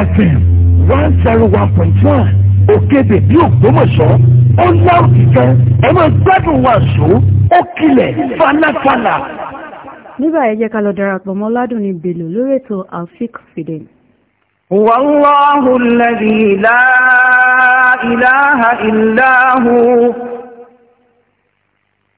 fm one zero one point one òkèdè bí ògbómọ̀ṣọ́ ó láòdì kan ẹ máa gbádùn wàásù ó kilẹ̀ fanáfàlà. nígbà yẹn jẹ́ ká lọ darapọ̀ mọ́ ládùn ní bèlò lórí ètò alfik fìdín. wàláhùn lẹ́yìn ìlà ìlà ìlà hù.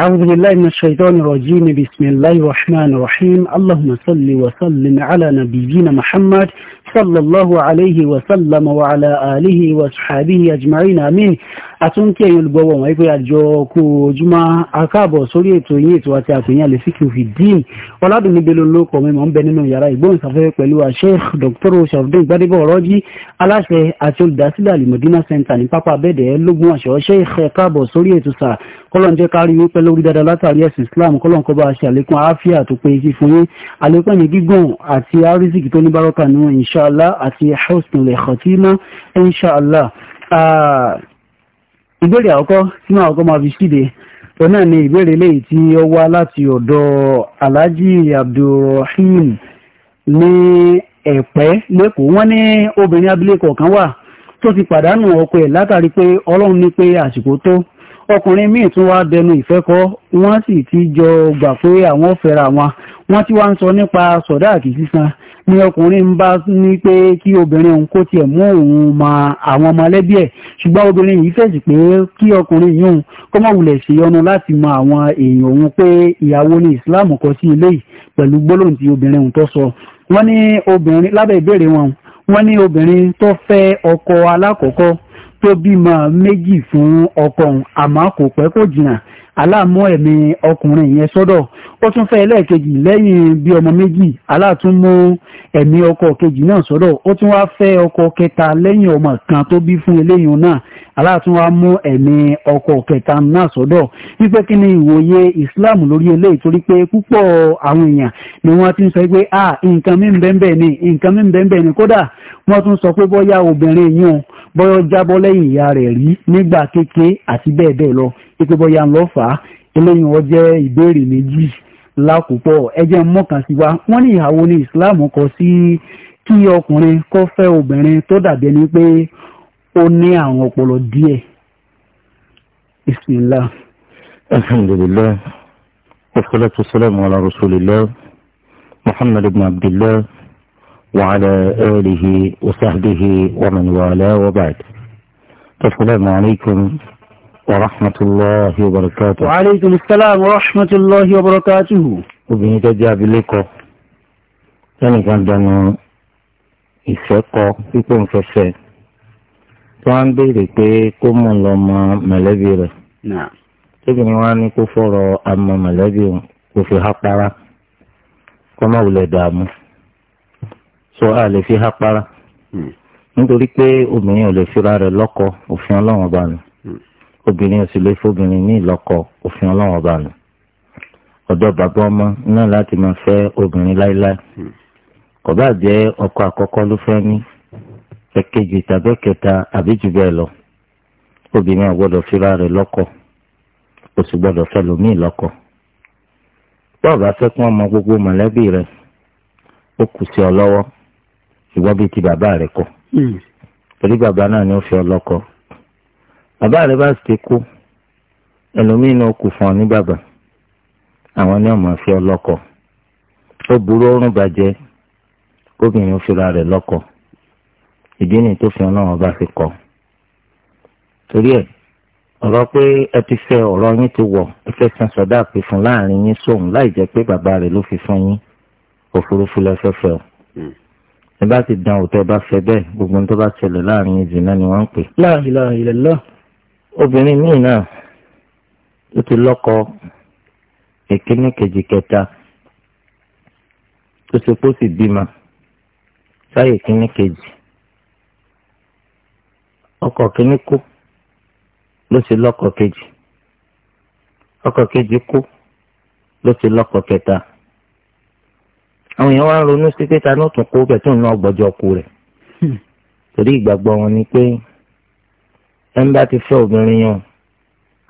أعوذ بالله من الشيطان الرجيم بسم الله الرحمن الرحيم اللهم صل وسلم على نبينا محمد صلى الله عليه وسلم وعلى آله وصحابه أجمعين آمين àtúnkí ẹ̀yin olùgbọ́wọ́ wọn wípé àjọ kú ojúmọ́ akáàbọ̀ sórí ètò yìí ètò àti àtìyàn lè fi kìí dín ọ̀làdùnní belo lóko mímọ́ ń bẹ nínú yàrá ìgbóhùnsáfẹ́fẹ́ pẹ̀lú Sheikh Dr. Sharafdin Gbadebo Ọ̀rọ́jí aláṣẹ àti olùdásílẹ̀ alimọ̀dínà center ní pápá abẹ́dẹ̀ lógún àṣọ Sheikh káàbọ̀ sórí ètò sà kọ́lọ́n jẹ́ kárí wípé lórí dáadáa látàrí ẹ̀sìn Islam kọ́lọ́n kọ́ bá ṣe àlékún àáfíà tó péye fún yín àlékún ẹ̀yìn gígùn àti àrísìkì tó ní bárọ́kà nínú ìṣ inṣàlá àti husnul khatima inṣàlá ah, ìbéèrè àkọ́kọ́ tí máa kọ́ máa fi ṣíde òun náà ni ìbéèrè léyìí tí ó wá láti ọ̀dọ̀ alhaji abdulrahim ní ẹ̀pẹ́ lẹ́kọ̀ọ́ wọ́n ní obìnrin abilékọ kan wà tó ti pàdánù ọkọ ẹ̀ látàrí pé ọlọ́run ní pé àsìkò tó ọkùnrin míì tún wá dẹnu ìfẹ́ kọ́ wọ́n sì ti jọ gbà pé àwọn fẹ́ra wọn wọ́n ti wá ń sọ nípa sọ̀dáàkì sísan ni ọkùnrin ń bá ní pé kí obìnrin òun kó tiẹ̀ mú òun mọ àwọn ọmọlẹ́bí ẹ̀ ṣùgbọ́n obìnrin yìí fẹ̀sì pé kí ọkùnrin yìí òun kó má wulẹ̀ ṣèyọnu láti mọ àwọn èèyàn òun pé ìyàwó ni ìsìláàmù kọ sí ilé yìí pẹ̀lú gbólóhùn tí obìnrin òun tó sọ wọ́n ní obìnrin lábẹ́ ìbéèrè wọn wọ́n ní obìnrin tó fẹ́ ọkọ alákọ̀ọ́kọ́ tó bímọ méjì fún ọkọ àmọ́ kò pẹ́ kò jìnnà aláàmú ẹ̀mí ọkùnrin yẹn sọ́dọ̀ ó tún fẹ́ ẹlẹ́ẹ̀kejì lẹ́yìn bí ọmọ méjì aláàtúnmú ẹ̀mí ọkọ kejì náà sọ́dọ̀ ó tún wá fẹ́ ọkọ kẹta lẹ́yìn ọmọ kan tó bí fún eléyìí náà aláàtún wá mú ẹ̀mí ọkọ kẹta náà sọ́dọ̀ wípé kí ni ìwòye Islam lórí eléyìí torí pé púpọ̀ àwọn èèyàn ni wọ́n ti ń sọ pé ah nǹkan mi bẹ́ẹ̀ bẹ́ẹ̀ ni nǹkan mi bẹ́ẹ̀ bẹ́ẹ̀ ni kódà wọ́n tún sọ pé bóyá obìnrin yìí bọ́yọ́ jábọ́ lẹ́yìn ìyá rẹ̀ rí nígbà kéke àti bẹ́ẹ̀ bẹ́ẹ̀ lọ pé bọ́yá ń lọ fà á eléyìí wọ́n jẹ́ ìbéèrè méjì lákòópọ̀ ẹjẹ́ mọ́kàn sí wa wọ́n ní ìhàwó ní ìsìláàmù kọ sí kí ọkùnrin kọ́ fẹ́ obìnrin tó dàbí ẹni pé ó ní àwọn ọpọlọ díẹ̀ bismillah. alhamdulilayi wa salatu wa salamu ala rasulillah muhammad ibn abdillah. وعلى آله وصحبه ومن والاه وبعد السلام عليكم ورحمة الله وبركاته وعليكم السلام ورحمة الله وبركاته obìnrin tó jẹ́ abilékọ lẹ́nìkan dẹnu ìfẹ́kọ pípé nfẹsẹ̀ tó wá ń béèrè pé kó mú un lọ mọ mọ̀lẹ́bí rẹ̀ tóbìnrin wa ní kó fọ̀rọ̀ àmọ́ mọ̀lẹ́bí kò fi há para kó má wulẹ̀ dààmú so a lè fi há para hmm. nítorí pé obìnrin ò lè fira rẹ̀ lọ́kọ òfin ọlọ́run ọba nù hmm. obìnrin ò sì lè fóbìnrin ní ìlọ́kọ òfin ọlọ́run ọba nù ọ̀dọ̀ bàbá ọmọ náà láti máa fẹ́ obìnrin láéláé hmm. kò bá jẹ́ ọkọ àkọ́kọ́ ló fẹ́ ní ẹ̀kejì tàbí kẹta àbí lọ obìnrin ò fira rẹ̀ lọ́kọ kò sì gbọ́dọ̀ lómi lọ́kọ bọ́ọ̀ bá kún ọmọ gbogbo mọ̀lẹ́bí rẹ̀ ó kù sí ọ lọ́wọ́ ìwọ bíi ti bàbá rẹ kọ hmm. torí bàbá náà ni ó fi ọlọ́kọ bàbá rẹ bá sì ti kú ẹlòmíín náà kù fún ọ ní bàbá àwọn ni ọmọ fi ọlọ́kọ ó burú ọrùn bàjẹ́ obìnrin fira rẹ̀ lọ́kọ ìdí ni tó fi ọlọ́run ọba fi kọ torí ẹ̀ ọ̀rọ̀ pé ẹ ti fẹ́ ọ̀rọ̀ yín ti wọ̀ ẹ fẹ́ san sọ̀dá pé fún láàrin yín sóhun láì jẹ́ pé bàbá rẹ̀ ló fi fún yín òfurufú lẹ́fẹ́fẹ́ o. Hmm ẹ bá ti dán òótọ́ ẹ bá fẹ́ bẹ́ẹ̀ gbogbo ohun tó bá ṣẹlẹ̀ láàrin ìjì náà ni wọ́n ń pè. la ilaha illallah obìnrin míì náà ó ti lọ́kọ èkíní kejì kẹta tó ṣe pé ó sì bímọ sáyè kíní kejì ọkọ kíní kú ló ṣe lọ́kọ kejì ọkọ kejì kú ló ṣe lọ́kọ kẹta àwọn èèyàn wá ń ronú sí pé ta ní òtún kó bẹ̀ tó ń lọ gbọ́jọ́ ku rẹ̀ hmm. torí ìgbàgbọ́ wọn ni pé ẹ̀ ń bá ti fẹ́ obìnrin yàn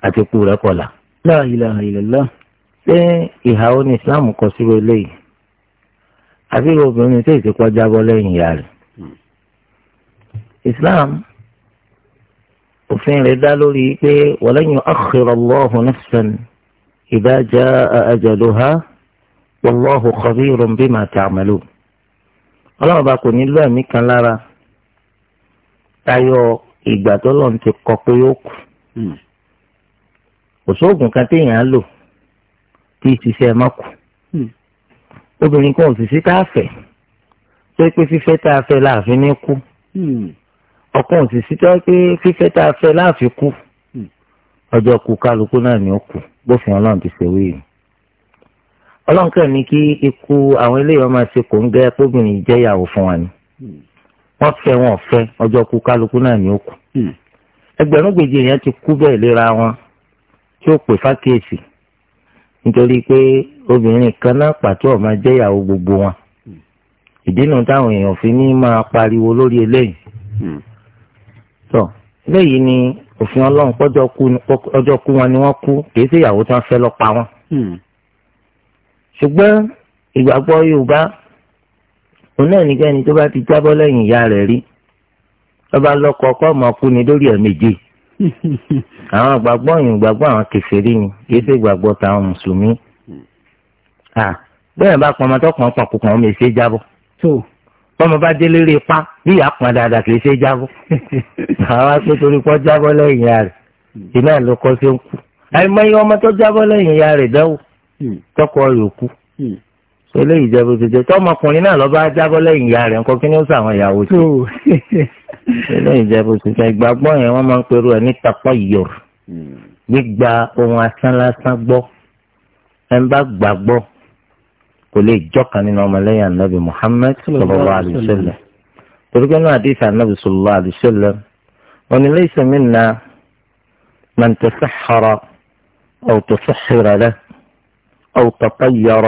àti ku rẹ̀ kọ̀là. La ilaha illallah. ṣé ìhàwó ni Islam kọ síbi eléyìí àbí obìnrin tó ìsìnkú ọjà bọ́ ìyá rẹ̀. Hmm. Islam òfin rẹ̀ dá lórí pé walan yu'akhkhira Allahu nafsan idha jaa ajaluha wallahu khabirun bima ta'malun ọlọ́run bá kò ní lọ ẹ̀mí kan lára tayọ ìgbà tó lọ́n ti kọ pé ó kù hmm. kò sóògùn kan téèyàn á lò tí ìṣiṣẹ́ má kù hmm. obìnrin kan ò sì sí tá tó pé fífẹ́ tá a fẹ́ láàfin ní kú hmm. ọkàn ò sì sí tó pé fífẹ́ tá a fẹ́ láàfin kú ọjọ́ kú kálukú náà ni ó kù bófin ọlọ́run ti ṣe wéyìí ọlọ́nkàn ní kí ikú àwọn eléyìí máa ṣe kò ń gẹ́ kóbìnrin jẹ́yàwó fún wa ni wọ́n fẹ́ wọn fẹ́ ọjọ́ kú kálukú náà ní òkú hmm. ẹgbẹ̀rún gbèjì yẹn ti kú bẹ́ẹ̀ léra wọn tí ó pè fákèsì nítorí pé obìnrin kan náà pàtó ọ̀ máa jẹ́yàwó gbogbo wọn ìdí nu táwọn èèyàn fi ní máa pariwo lórí eléyìí hmm. tó eléyìí ni òfin ọlọ́run pọ́jọ́ kú wọn ni wọ́n kú kì í sí ìyàwó tí wọ́n fẹ́ lọ pa wọn. Hmm ṣùgbọ́n ìgbàgbọ́ Yorùbá òun náà nìkẹ́ni tó bá ti jábọ́ lẹ́yìn ìyá rẹ̀ rí lọ́ba lọ́kọ ọkọ ọmọ kú ni lórí ẹ̀ méje àwọn ìgbàgbọ́ yìí ìgbàgbọ́ àwọn kèfèrí ni kìí ṣe ìgbàgbọ́ táwọn mùsùlùmí bẹ́ẹ̀ bá pọn ọmọ tó pọn pọn pọn ọmọ èsè jábọ̀ tọmọ bá délé rí pa bí ìyá pọn dáadáa kìí ṣe jábọ̀ àwọn akpẹ́tọ́rí pọ́ jábọ́ lẹ́yìn ìyá rẹ̀ ìná ló kọ́ sí ń kú àìmọye ọmọ tó jábọ́ lẹ́yìn ìyá rẹ̀ dẹ́wọ̀ Hmm. tọkọ rẹ̀ kú sọlẹ ìjẹbù tètè tọmọkùnrin náà lọba jábọ́ lẹ́yìn ìyá rẹ̀ nǹkan kí ni ó sàwọn ìyàwó tó sọlẹ ìjẹbù tètè ìgbàgbọ́ yẹn wọ́n máa ń perú ẹ̀ ní tapọ yòr hmm. gbígba ohun asán lásán gbọ́ ẹ ń bá gbàgbọ́ kò lè jọkàn nínú ọmọlẹ́yìn anabi Muhammad sallallahu alaihi wasallam torípé náà àdìsí anabi sallallahu alaihi wasallam òní laysa minna man tasahhara aw أو تطير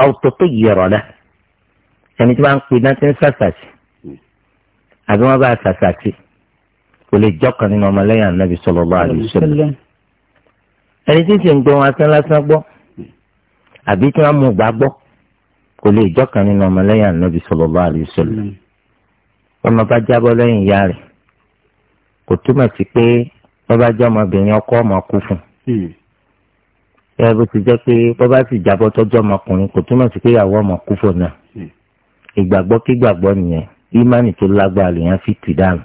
أو تطير له يعني tí wọ́n ń هذا ما ti ń sàṣàṣì àbí wọ́n bá sàṣàṣì kò lè jọkàn nínú ọmọlẹ́yìn ànábì sallallahu alaihi wasallam ẹni tí ń ṣe ń gbọ́ wọn asán lásán gbọ́ àbí tí wọ́n mú gbà gbọ́ kò lè jọkàn nínú ọmọlẹ́yìn ànábì sallallahu alaihi wasallam ọmọ bá jábọ́ lẹ́yìn ìyá rẹ̀ kò túmọ̀ sí pé wọ́n bá jẹ́ ọmọbìnrin ọkọ ọmọ kú fún un ẹ bó ti jẹ́ pé bọ́bá sì jábọ́ tọ́jú ọmọkùnrin kò túmọ̀ sí pé ìyàwó ọmọ kú fò náà hmm. ìgbàgbọ́ kí gbàgbọ́ nìyẹn ìmánì tó lágbára lèèyàn fi tì dànù.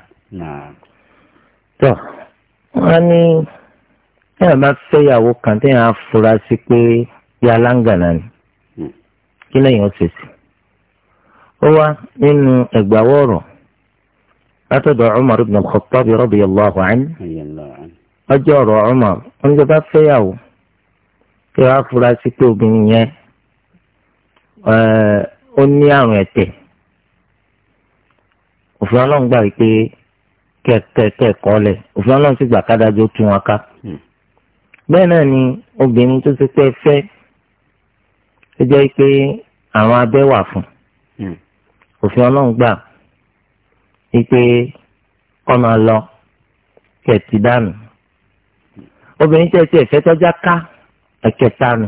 tọ́ wọ́n ní ẹ̀yàn bá fẹ́ ìyàwó kan téèyàn á fura sí pé bí aláǹgànà ni hmm. kí lẹ́yìn ó sí. ó wá nínú ẹ̀gbàwọ́ ọ̀rọ̀ látọ̀dọ̀ Umar ibn al-Khattab radiyallahu anhu ọjọ́ ọ̀rọ̀ Umar oníjọba fẹ́yàwó kí wọ́n á fura sí pé obìnrin yẹn ó ní àrùn ẹ̀tẹ̀ òfin ọlọ́run gbà wípé kẹ̀kẹ́ kọ́lẹ̀ òfin ọlọ́run sì gbà kádájọ́ tú wọn ká hmm. bẹ́ẹ̀ náà ni obìnrin tó ti pẹ́ fẹ́ ó jẹ́ pé àwọn abẹ́ wà fún hmm. òfin ọlọ́run gbà wípé kọ́ lọ kẹ̀tì dànù obìnrin tẹ̀ tẹ̀ tọ́já ká ẹ̀kẹta nù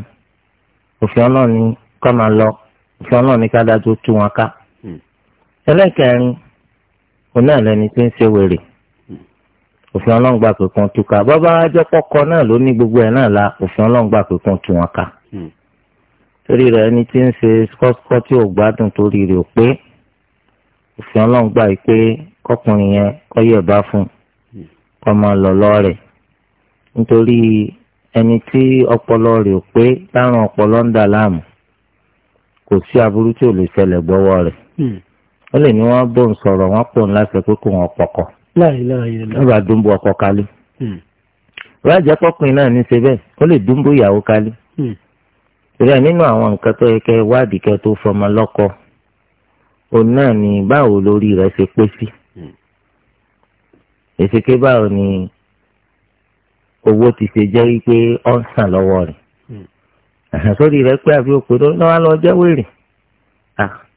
òfin ọlọ́run ní kọ́ máa lọ òfin ọlọ́run ní kádà tó tú wọn ká hmm. ẹlẹ́kẹrin òun náà lẹni tí ń ṣe wèrè hmm. òfin ọlọ́run gbà pé tú ká bàbá ajọ́ pọ́kọ náà ló ní gbogbo ẹ̀ náà la òfin ọlọ́run gbà pé kan tú wọn ká hmm. torí rẹ̀ ẹni tí ń ṣe kọ́kọ́ tí ò gbádùn torí rẹ̀ ò pé òfin ọlọ́run gbà pé kọkùnrin yẹn kọ́ yẹ̀ bá fún kọ́ máa lọ lọ́ọ̀rẹ̀ nítorí ẹni tí ọpọlọ rẹ̀ pé láwọn ọpọlọ ń dà láàmú kò sí aburú tí ò lè ṣẹlẹ̀ gbọ́wọ́ rẹ̀ hmm. ó lè ní wọ́n bò ń sọ̀rọ̀ wọ́n pò ń láṣẹ pé kò wọ́n pọkọ nígbà dúnbò ọkọ kálí ìwádìí hmm. ọkọkùnrin náà ní ṣe bẹ́ẹ̀ ó lè dúnbò ìyàwó kálí ìrẹ́ hmm. nínú àwọn nǹkan tó yẹ kẹ́ wádìí kẹ́ tó fọmọ lọ́kọ òun náà ni báwo lórí rẹ̀ ṣe pé sí èsì ké báwo ni owó ti ṣe jẹ́ wípé ọ̀ ń sàn lọ́wọ́ rẹ̀ àsọ̀rí hmm. rẹ̀ pé àbí òpè tó lọ́wọ́ lọ jẹ́ wèrè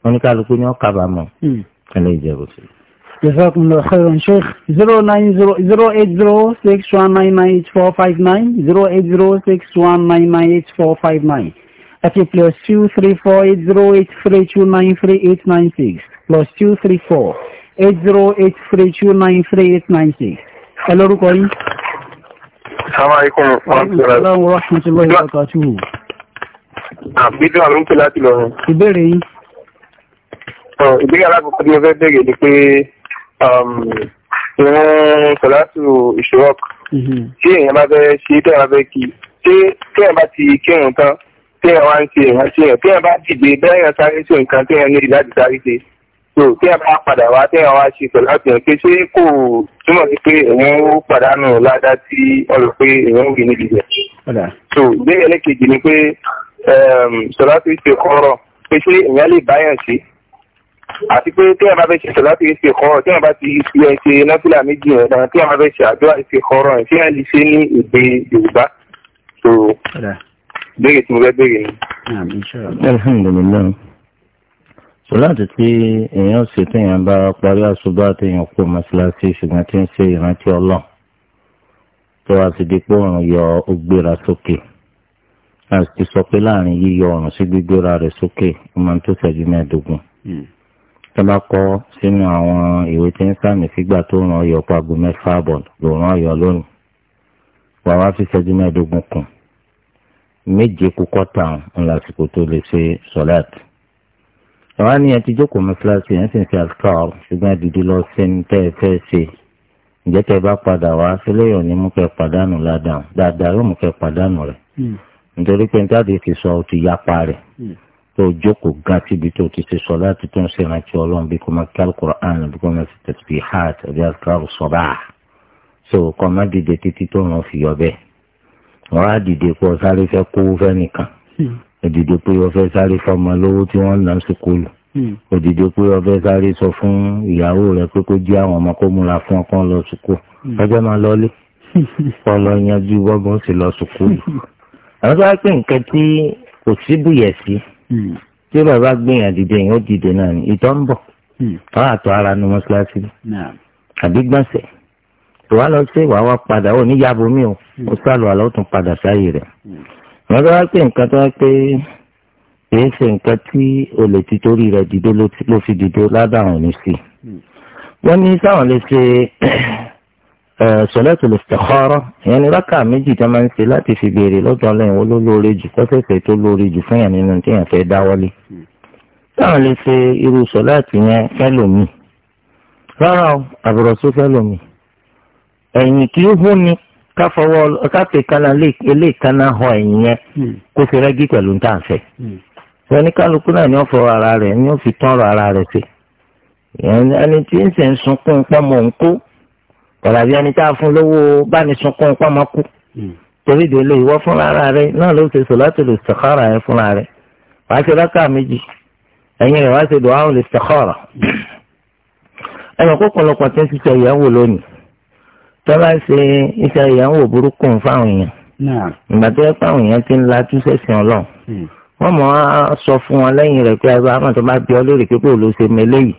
oníkàlùkù ni wọ́n kábàámọ̀ hmm. ẹlẹ́ ìjẹ́bù. Jazakumullahu khairan Sheikh zero nine zero zero eight zero six one nine nine eight four five nine zero eight zero six one nine nine four five nine plus two three four eight zero eight three two nine three eight nine six plus two three four eight zero eight three two nine three eight nine six. Ẹ lórúkọ Assalamu alaikum wa rahmatullahi wa barakatuhu. Àbídọ́ ah, àrùn pè láti lọ. Ìbéèrè yìí. Ah, ìbéèrè alákọ̀ọ́kọ́ ni mo fẹ́ bẹ̀rẹ̀ ni pé ìwọ̀n um, Sọ̀látù Ìṣòrọ̀k. Ṣé mhm. èèyàn bá fẹ́ ṣe tẹ́ ẹ̀ bá fẹ́ kí? Ṣé tẹ́ ẹ̀ bá ti kírun tán? Tẹ́ ẹ̀ wá ń ṣe ìrántí ẹ̀? Tẹ́ ẹ̀ bá dìde bẹ́ẹ̀ yẹn sáré sí nǹkan tẹ́ ẹ̀ ní ìdí láti sáré ṣe? tó tí ẹ bá padà wá tí ẹ wá ṣe pẹ̀lú àtìyàn pé ṣé kò túmọ̀ sí pé èèyàn ó pàdánù ládá tí wọ́n lọ pé èèyàn ó gbé níbi rẹ̀. tó ìbéèrè ẹlẹ́kejì ni pé sọlá ti ṣe kọ́rọ̀ pé ṣé èèyàn lè báyàn ṣe àti pé tí ẹ bá fẹ́ ṣe sọlá ti ṣe kọ́rọ̀ tí ẹ bá ti fi ẹ ṣe nọ́fìlà méjì yẹn dáná tí ẹ bá fẹ́ ṣe àdúrà ṣe kọ́rọ̀ ẹ̀ tí ẹ lè ṣe ní èdè sọláàtì tí èèyàn ṣe téèyàn bá parí àṣùbà téèyàn kó mọ́ṣáláṣí ṣùgbọ́n tí ń ṣe ìrántí ọlọ́run tó wá sí dípò òrùn yọ ó gbéra sókè a ti sọ pé láàrin yíyọ òrùn sí gbígbéra rẹ̀ sókè ó máa ń tó ṣẹ́jú mẹ́ẹ̀ẹ́dógún hmm. tó bá kọ sínú àwọn ìwé tí ń sàmì sígbà tó ràn ọyọ pago mẹ́fà àbọ̀ lòrùn ọyọ lónìí wà wá fi ṣẹ́jú mẹ́ẹ̀ẹ́dógún kù méje kú kọ́ta ọ̀hún ẹ̀wá ni ẹ ti jókòó mi kíláàsì ẹ̀ ń sìn sí àtúntò ṣùgbọ́n ìdìdì lọ sẹ́ni tẹ́ ẹ fẹ́ ṣe ǹjẹ́ tẹ́ bá padà wá sílẹ̀ yóò ní mú kẹ́ pàdánù ládàá dáadáa yóò mú kẹ́ pàdánù rẹ̀ hmm. nítorí pé nítorí ti sọ ọ ti yapa rẹ̀ hmm. tó jókòó gan síbi tó ti ṣe sọ láti tó ń ṣe ìrántí ọlọ́run bí kò máa kí alukur'an bí kò máa ṣe tẹ̀sí hàt àbí àtúntò sọ̀bà so kọ́ má dìde títí tó ràn fi yọ bẹ́ẹ̀ wọ́n á dìde kó sáré fẹ́ kó fẹ́ nìkan hmm òdìdí pé o fẹ́ sáré fọmọ lówó tí wọ́n nà sùkúlù òdìdí pé o fẹ́ sáré sọ fún ìyàwó rẹ pé kó jí àwọn ọmọ kó múra fún ọkọ lọ sùkúlù hmm. ọjọ́ máa lọlé kọ́ lọ yanjú bọ́gbọ́n sì lọ sùkúlù. àwọn tó wá pé nǹkan tí kò síbùyẹ̀ sí hmm. tí bàbá gbìyànjú dé yẹn ó dìde náà ni ìtọ́ ń bọ̀ hmm. wọ́n àtọ́ ara nu mọ́ṣáláṣí àbí gbọ̀nsẹ̀ tó wá lọ sí wàá wá padà ó níyàbọ̀ mi ò ó sálọ wọ́n tó wá pé nǹkan tó wá pé èyí ṣe nǹkan tí olè ti torí rẹ̀ dìdó ló fi dìdó ládàrún ní sí wọ́n ní sáwọn lè ṣe sọlẹ́tù eh, lùsítẹ̀kọ́rọ́ ìyẹn ni rákà méjì tó máa ń ṣe láti fi béèrè lọ́dọ̀ ọlọ́yin wo ló lóore jù kọ́sẹ̀sẹ̀ tó lóore jù fún yàn nínú tí yàn fẹ́ dáwọ́lé. táwọn lè ṣe irú sọlẹ́tù yẹn fẹ́lòmíì rárá o àbúrọ̀sọ fẹ́lòmíì ẹ̀yìn kì í hún ni ká fọwọ́ ká pè kánná ilé ìkánná họ ẹ̀yìn yẹn hmm. kó fi rẹ́gí pẹ̀lú níta àfẹ́. Hmm. ẹni kálukú náà ni ó fọwọ́ ara rẹ̀ ni ó fi tọ́rọ̀ ara rẹ̀ sí. ẹni tí ń sẹ̀ ń sunkún pọ́nmọ́ ń kú kọ̀dà bí ẹni tá a fún lówó bá ní sunkún pọ́nmọ́ kú. Hmm. torí ìdílé ìwọ fúnra ara rẹ náà ló ṣe sọ̀láṣẹ̀ lè sàkárà ẹ fúnra rẹ. wàá ṣe rákà méjì ẹ̀yin rẹ̀ wàá ṣe tó bá ṣe iṣẹ́ ìyàwó burúkú fáwọn èèyàn ìgbà tó yẹ fáwọn èèyàn ti ń lajú sẹ́sìn ọlọ́run hmm. wọ́n mọ̀ á sọ fún wọn lẹ́yìn rẹ̀ pé ẹgbẹ́ àwọn tó bá bí ọ lórí pípé ló ṣe mẹ́lẹ́yìí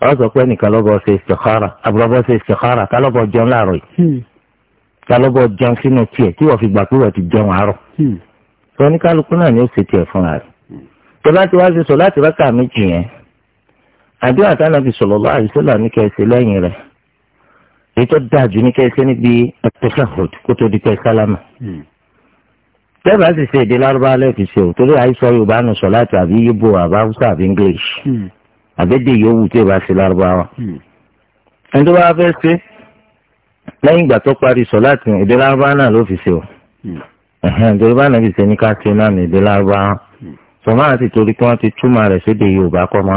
wọ́n sọ pé nìkan lọ́bọ̀ ṣe istikhara àbúrọ̀bọ̀ ṣe istikhara kálọ́bọ̀ jẹun láàárọ̀ yìí kálọ́bọ̀ hmm. jẹun sínú tiẹ̀ tí wọ́n fi gbà pé wọ́n ti jẹun àárọ̀ tó hmm. ní kálukú náà ni ó ṣe tiẹ̀ fúnra rẹ̀ tó bá wá ṣe sọ láti rákà méjì yẹn àdúrà tánàbì sallallahu alaihi wasallam ní kẹ́ẹ̀ṣẹ̀ lẹ́yìn rẹ̀ èyí tó dáa jù ní kẹsẹ́ níbi at-tashahhud kó tó di pẹ́ sálámà. Hmm. tẹ́lẹ̀ sì ṣe èdè lárúbáwá lẹ́ẹ̀kì ṣe ò torí àìsọ yorùbá nù sọ láti àbí yíbo àbá hausa àbí english hmm. àbẹ́dẹ yòówù tí ì bá ṣe lárúbáwá. Hmm. ẹni tó bá fẹ́ ṣe lẹ́yìn ìgbà tó parí sọ láti èdè lárúbáwá náà ló fi ṣe ò. torí bá nàbì ṣe ní ká ṣe náà ní èdè lárúbáwá sọmọ àti torí kí wọ́n ti túmọ̀ rẹ̀ sóde yorùbá kọ́ mọ́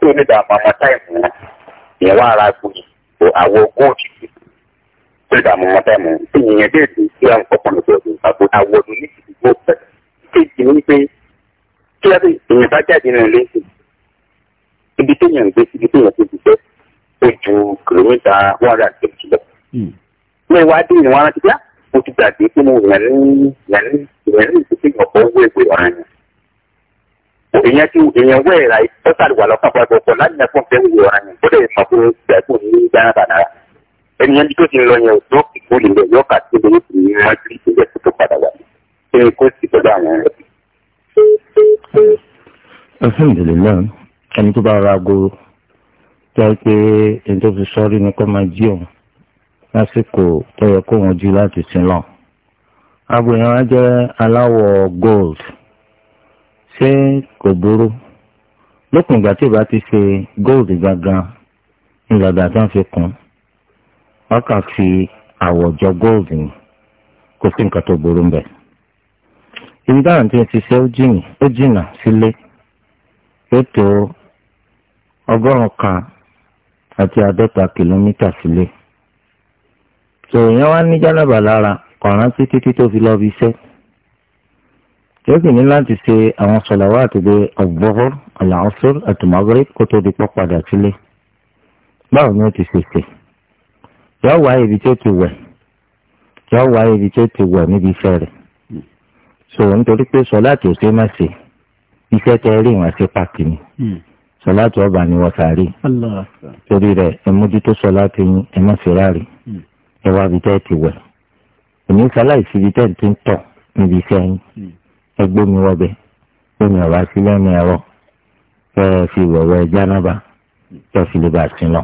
tó ní dàpọ̀ àwọn táìmù wọn ìyẹn wà ara gbòòdì àwọ̀ góòdì tó ní dàpọ̀ àwọn táìmù wọn tí ìyẹn dé èdè tí àwọn kọ̀ọ̀kan ló bẹ̀rù àbò àwọ̀ ọdún ní ti gbó pẹ̀ kéèjì ní pé kí wọ́n ti ìyẹn bá jáde nínú ilé ìsìn ibi tó yàn gbé ibi tó yàn tó ti fẹ́ ó ju kìlómítà one hundred and fifty lọ. ní hmm. ìwádìí ìwọ̀n aránsẹ́ ah, mo ti gbàgbé pé mo yàn ní yàn ní ìyẹn ní ìsìn èèyàn ti èèyàn wẹ̀ ẹ̀rà ó sàlùwà lọ́kàn pọ̀ ẹ̀kọ́ láti ní ẹ̀fọ́n fẹ́ wù ọ̀ràn yẹn tó lè mọ̀ fún ìgbàgbọ́ ní gbára bànára ènìyàn bí tó ti lọ yẹn tó kìkó lè lẹ̀ yọ kàtí lórí ti ní wájú ìpínlẹ̀ tó tó padà wà ṣé kó sì pẹ̀lú àwọn ẹ̀rọ. alhamdulilayi ẹni tó bá ra ago tó yẹ pé ẹni tó fi sọ́ọ́rí ni kó máa jí òun lásìkò tó yẹ kó wọn jí láti sin lọ. ago yẹn wá jẹ́ aláwọ̀ gold. ṣé kò burú lópin ìgbà tí ò ti ṣe góòlù gangan ńlọdà tó ń fi kún wọn fi àwọ̀jọ góòlù ni kò sí nǹkan tó burú ń bẹ̀. ibi táwọn ti ń ṣiṣẹ́ ó jìnnà sílé yóò tó ọgọ́rùn-ún kan àti àádọ́ta kìlómítà sílé. sòròyìn wá ní jálàbà lára títí fi yóò sì ní láti ṣe àwọn sọ̀làwà àtìgbé ọ̀gbọ́fọ́ àlàáfíà àtùmọ̀gírí kó tó di pọ́ padà sílé báwo ni ó ti ṣe ṣe yóò wá ibi tó ti wẹ̀ yóò wá ibi tó ti wẹ̀ níbi iṣẹ́ rẹ̀ so nítorí pé sọ̀láàtì ò ṣe má ṣe iṣẹ́ tẹ rí ìwọ̀n ṣe pàtì ni hmm. sọ̀láàtì ọba ni wọ́n sàárì torí rẹ̀ ẹ mójútó sọ̀láàtì ẹ má ṣe ráàrí hmm. ẹ wá ibi tẹ́ ti wẹ̀ òní sáláì síbi tẹ́ ti ń tọ̀ níbi iṣẹ́ yín. Hmm ẹgbẹ́ mi wọbẹ̀ lómi ọ̀wá sí lẹ́nu ẹ̀rọ kẹ́ ẹ fi wẹ̀wẹ̀ jánábà kẹ́ ẹ fi lè bá a sin lọ.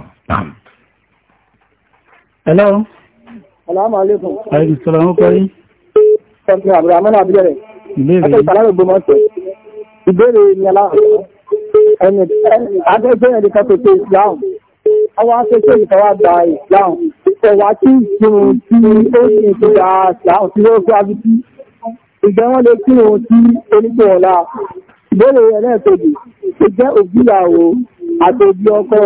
hello. salaamu aleykum. aleykum salaam ọkọ yín. sọ́kùn abdulhamid abiyẹrẹ. ìbéèrè yìí. ọ̀sẹ̀ ìgbàlá ìbéèrè ni aláwọ̀ ẹni adẹ́gbẹ́ ẹni kan tó ṣe ìsìláàmù ọwọ́ afẹ́fẹ́ ìtawà gba ìsìláàmù ẹ̀wà tí ìṣòro tí ó sì ń ṣe ìsìláàmù tí ó fẹ́ ìgbà wọ́n lè kí wọn sí onígbò ọ̀la ìbéèrè ẹlẹ́ẹ̀kejì tó jẹ́ òbíyàwó àtòbí ọkọ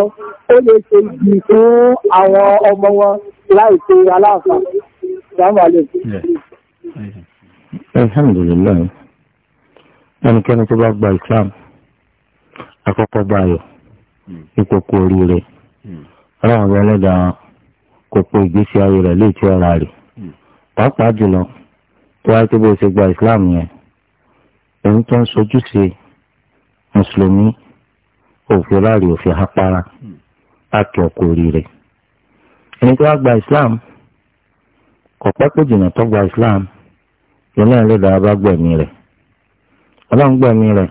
ó lè ṣe ìgbì fún àwọn ọmọ wọn láì ṣe aláàfà ìdáhùn alẹ́. alhamdulilayi ẹnikẹ́ni tó bá gba islam àkọ́kọ́ báyọ̀ ìkókó oríire ọlọ́run ọba ẹlẹ́dàá kò pé ìgbésí ayé rẹ̀ léètí ọ̀la rẹ̀ pàápàá jùlọ wáyé tó bó ṣe gba islam yẹn èyí tó ń sojú sí mùsùlùmí òfin láàrí òfin apara láti ọkọ oríire ẹni tó wá gba islam kò pẹ́ kó jìnnà tó gba islam ìlú ẹ̀lẹ́dàá bá gbẹ̀mí rẹ̀ ọlọ́run gbẹ̀mí rẹ̀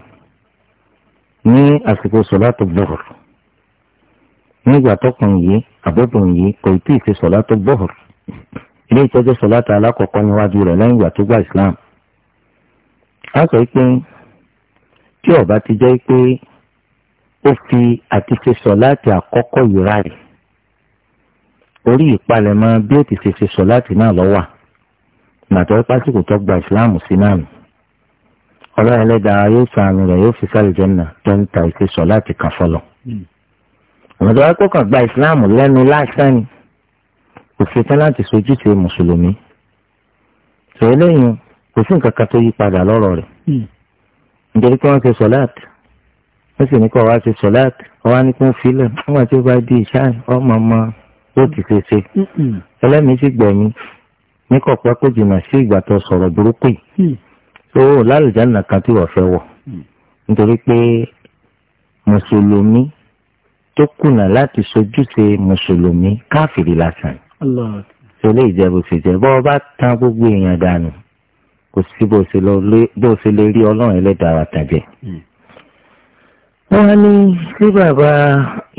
ní àsìkò sọ̀látù bọ́ọ̀r nígbà tọkùnrin yìí àbọ̀bùnrin yìí kò tí ì fi sọ̀látù bọ́ọ̀r ilé ìtọ́jú sọ̀láta alákọ̀ọ́kọ́ níwájú rẹ̀ lẹ́yìn ìgbà tó gba islam. a sọ pé tí ọba ti jẹ́ pé ó fi àti ṣe sọ̀láta àkọ́kọ́ yìí ráàlì orí ìpalẹ̀mọ́ bí ó ti ṣe ṣe sọ̀láta náà lọ́wà màtọ́ pásítọ̀ tó gba islam sí náà nù. ọlọ́run ẹlẹ́dàá yóò sàánú rẹ̀ yóò fi sáré jẹ́nà tó ń ta ìṣe sọ̀láta kan fọlọ́. Hmm. àwọn tó wá gba islam lẹ́nu láṣán ni kò ṣetán láti sojúṣe mùsùlùmí sọ eléyìí kò sí nǹkan kan tó yí padà lọ́rọ̀ rẹ̀ nítorí hmm. pé wọ́n ṣe sọ̀láàtì wọ́n sì ní kó wá ṣe sọ̀láàtì ọwọ́ ní kó ń filẹ̀ nígbà tí ó bá di ìṣáà ọmọ ọmọ ó ti ṣe ṣe hmm. ẹlẹ́mìí sì gbẹ̀mí ní kọ̀pẹ́ kó jìnnà sí ìgbà tó sọ̀rọ̀ burúkú yìí hmm. tó lálùjáná kan tí wọ́n fẹ́ wọ̀ nítorí pé mùsùlùmí tó kùnà láti sojúṣe mùsùlùmí káfìrí lásán sọlé ìjẹ́bù sì jẹ́ bọ́ bá tán gbogbo èèyàn dànù kò sí bó ṣe lè rí ọlọ́run ẹlẹ́dàá wa tàjẹ́. Hmm. wọ́n ní sí bàbá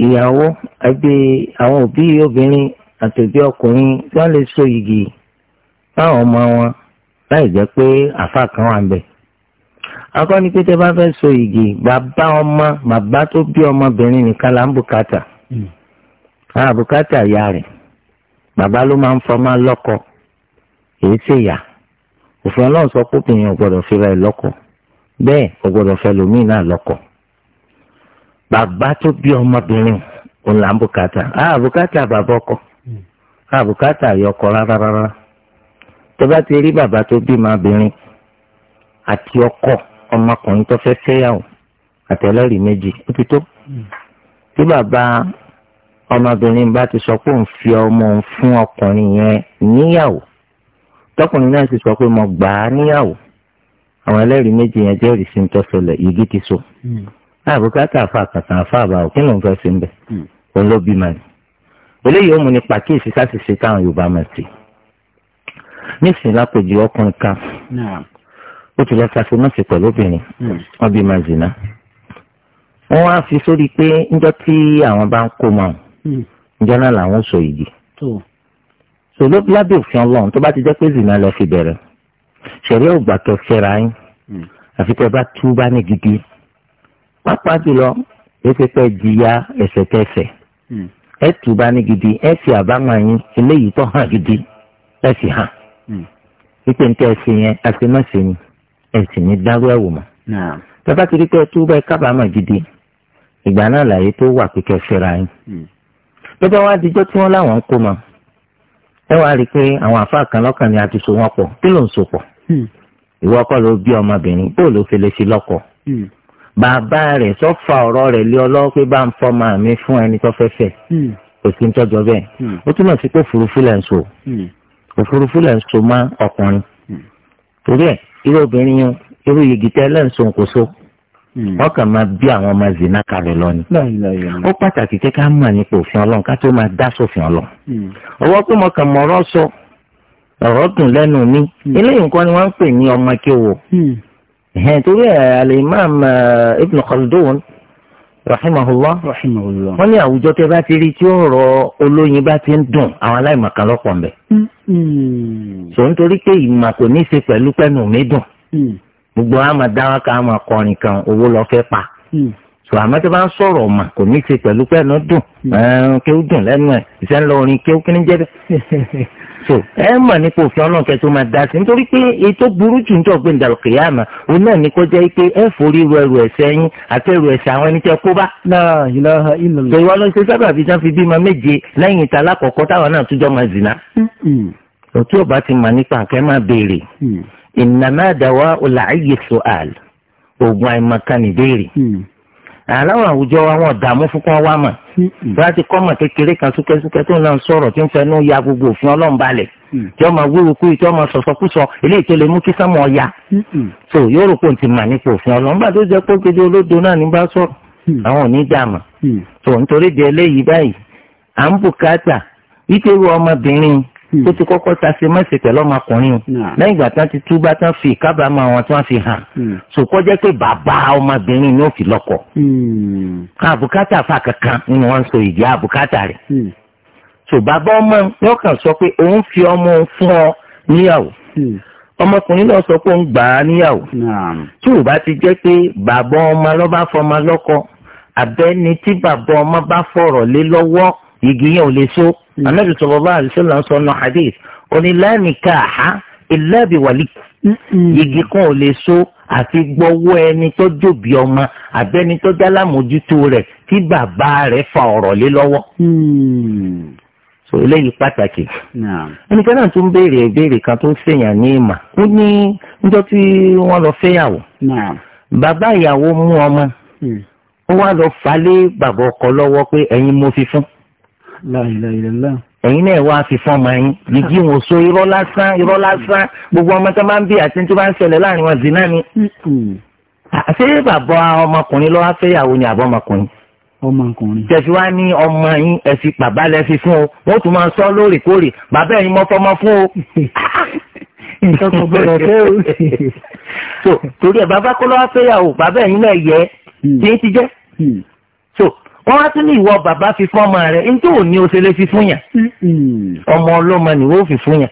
ìyàwó àgbẹ̀ àwọn òbí obìnrin àtòbí ọkùnrin wọ́n lè so yìgì fáwọn ọmọ wọn láì jẹ́ pé àfa kan wà ń bẹ̀. akọ́ni pé tẹ́ bá fẹ́ so yìgì bàbá ọmọ bàbá tó bí ọmọbìnrin nìkan là ń bùkátà hmm. àbùkátà ìyá rẹ̀ bàbá ló máa ń fọmá lọ́kọ èyí sì yà òfin ọlọ́run sọ pé obìnrin ò gbọ́dọ̀ fi ra ẹ̀ lọ́kọ bẹ́ẹ̀ ò gbọ́dọ̀ fẹ́ lòmíì náà lọ́kọ bàbá tó bí ọmọbìnrin òun là ń bùkátà á bùkátà bàbá ọkọ á bùkátà àyọkọ rárá rárá tó bá ti rí bàbá tó bí ọmọbìnrin àti ọkọ ọmọkùnrin tó fẹ́ fẹ́yàwó àtẹlẹ́rìí méjì ó ti tó tí bàbá ọmọbìnrin bá ti sọ pé òun fi ọmọ òun fún ọkùnrin yẹn níyàwó tọkùnrin náà ti sọ pé mo gbà á níyàwó àwọn ẹlẹ́rìí méjì yẹn jẹ́rìí sí ntọ́sọlẹ̀ yìí ti so hmm. àbúkátà àfa kàkà àfa àbáwò kí ló ń fẹ́ sí ń hmm. òun ló bímọ ni eléyìí ó mú ní pàkíyèsí sáṣìṣe táwọn Yorùbá mọ̀ sí nísìnyí lápèjì ọkùnrin kan ó ti lọ sáfẹ́ mọ́sí pẹ̀lú obìnrin hmm. wọ́n bímọ zina wọ́n wá fi sórí pé níjọ́ tí àwọn bá ń kó mọ́ àwọn ǹjẹ́ náà làwọn sọ ìdí. so lábẹ́ òfin ọlọ́run tó bá ti jẹ́ pé zina lọ fi bẹ̀rẹ̀ ṣẹ̀rí ọ̀gbà tó fẹ́ra yín hmm. àfi tẹ́ bá tú bá ní gidi pápá jùlọ ètò ìpẹ́ jìyà ẹ̀ṣẹ̀ tẹ̀ṣẹ̀ hmm. ẹ tú bá ní gidi ẹ sì àbámọ̀ yín eléyìí tó hàn gidi ẹ sì hàn hmm. wípé ní tẹ́ ẹ ṣe yẹn àti má ṣe ni ẹ sì ní dárú ẹ̀ wò mọ́ tẹ́ bá ti rí pé ẹ tú bá ẹ kábàámọ̀ gidi ìgbà náà làyè tó wà pé fẹ́ra yín lọ́jọ́ wá dijọ́ tí wọ́n láwọn ń kó ma ẹ wá rí i pé àwọn àfáà kan lọ́kàn ni a ti so wọn pọ̀ kí ló ń so pọ̀ hmm. ìwọ kọ́ ló bí ọmọbìnrin bó ló fi lè fi lọ́kọ hmm. bàbá rẹ̀ sọ́fà ọ̀rọ̀ rẹ̀ lé ọlọ́wọ́ pé bá ń fọ́mọ mi fún ẹni tó fẹ́ fẹ́ hmm. kò sí ń tọ́jọ́ bẹ́ẹ̀ ó túmọ̀ sí pé òfurufú lẹ̀ ń so òfurufú lẹ̀ ń so má ọkùnrin torí ẹ̀ irú obìnrin yẹn irú yìgì tẹ́ lẹ́ ń so kò so wọ́n hmm. kàn máa bí àwọn ọmọ zina kalẹ̀ lọ ni. ó pàtàkì pé ká mọ̀ nípa òfin ọlọ́run ká tó máa dá sófin ọlọ́run. Hmm. ọwọ́ pé mo kàn mọ̀ ọ̀rọ̀ sọ ọ̀rọ̀ dùn lẹ́nu mi hmm. eléyìí nǹkan ni wọ́n ń pè ní ọmọ kéwò. torí al-imam eh, ibn khaldun rahimahullah wọ́n ní àwùjọ tẹ bá ti rí tí ọ̀rọ̀ olóyin bá ti ń dùn àwọn aláìmọ̀kan lọ́pọ̀ ń bẹ. sọ nítorí pé ìmọ̀ kò ní gbogbo àmà dáwọn ká àmà kọrin kan owó lọ fẹ́ pa hmm. so àmọ́ tí bá ń sọ̀rọ̀ mà kò ní í ṣe pẹ̀lú pẹ̀lú dùn hmm. kí ó dùn lẹ́nu ẹ̀ ìṣẹ́ ń lọ orin kí ó kí ní so ẹ mọ̀ nípa òfin ọlọ́run kẹ́ tó máa dá sí nítorí pé èyí tó burú jù ń jọ gbé ìdàrú kìyàmà òun náà ní kó jẹ́ pé ẹ forí ru ẹrù ẹ̀ṣẹ̀ yín àti ẹrù ẹ̀ṣẹ̀ àwọn ẹni tẹ́ kó bá. ṣèyí ọlọ́run ṣe náà tún innama dawa'ul 'ayyi su'al oògùn àìmọ̀kan nìbéèrè hmm. aláwọ̀ ah, àwùjọ wa wọn dààmú fún kí wọ́n wá mọ̀ hmm. bá ti kọ́ mọ̀ kékeré kan súkẹ́súkẹ́ tó ń lọ sọ̀rọ̀ tí ń fẹnu ya gbogbo òfin ọlọ́run balẹ̀ hmm. tí ọmọ wíwú kú tí ọmọ sọ̀sọ̀kúsọ eléyìí tó lè mú kí sánmọ̀ ọ̀ya tó yóò rò pé òun ti mà nípa òfin ọlọ́run nígbà tó jẹ́ pé gidi olódo náà ní bá sọ̀rọ̀ àwọn ò ní dààmú tó nítorí di tó hmm. ti kọ́kọ́ ta ṣe má ṣe pẹ̀lú ọmọkùnrin o lẹ́yìn ìgbà tán ti túbá tán fi kábàámọ̀ àwọn tí wọ́n fi hàn hmm. sòkò jẹ́ pé bàbá ọmọbìnrin ni ó fi lọ́kọ. àbùkátà hmm. fà kankan ni wọ́n ń sọ ìdí àbùkátà rẹ̀. sò bàbá ọmọ yóò kàn sọ pé òun fi ọmọ fún ọ níyàwó ọmọkùnrin náà sọ pé òun gbà á níyàwó. tí ò bá ti jẹ́ pé bàbá ọmọ ló bá fọmọ lọ́kọ àbẹ́ni tí bàbá ọmọ bá fọ̀rọ̀ lé lọ́wọ́ igi anabi sallallahu alaihi wasallam sọnù hadith onílànìkàá ìlàbí wàlí igi kan ò lè so àti gbọ́wọ́ ẹni tó jòbí ọmọ àbẹ́ni tó jálámójútó rẹ̀ tí bàbá rẹ̀ fa ọ̀rọ̀ lé lọ́wọ́. Mm. so eléyìí pàtàkì. ẹnìkan náà tún béèrè ìbéèrè kan tó ń ṣèyàn ní ìmà ó ní níjọ́ tí wọ́n lọ fẹ́yàwó. bàbá ìyàwó mú ọmọ mm. ó wá lọ falé bàbá ọkọ lọ́wọ́ pé ẹ̀yin mo fi fún ẹ̀yin náà wá fi fọ́n ma yín jíjí wọn so irọ́ lásán irọ́ lásán gbogbo ọmọ tó máa ń bí àti tó máa ń ṣẹlẹ̀ láàrin wọn zina ni. Mm-hmm. àṣé bàbá ọmọkùnrin lọ́wọ́ fẹ́yàwó ni àbọ̀ ọmọkùnrin. ọmọkùnrin. tẹ̀sí wá ní ọmọ yín ẹ̀sìn bàbá lẹ fi fún o wọ́n tún máa sọ lóòrèkóòrè bàbá ẹ̀yin mọ́ fọ́mọ́ fún o. nǹkan gbọdọ̀ fẹ́ o. so torí ẹ̀ bàbá kọ́ lọ́wọ́ fẹ́yàwó wọ́n wá tún ní ìwọ bàbá fi rẹ̀ o ṣe lè fi fún yàn ọmọ ọlọ́mọ ni wọ́n fi fún yàn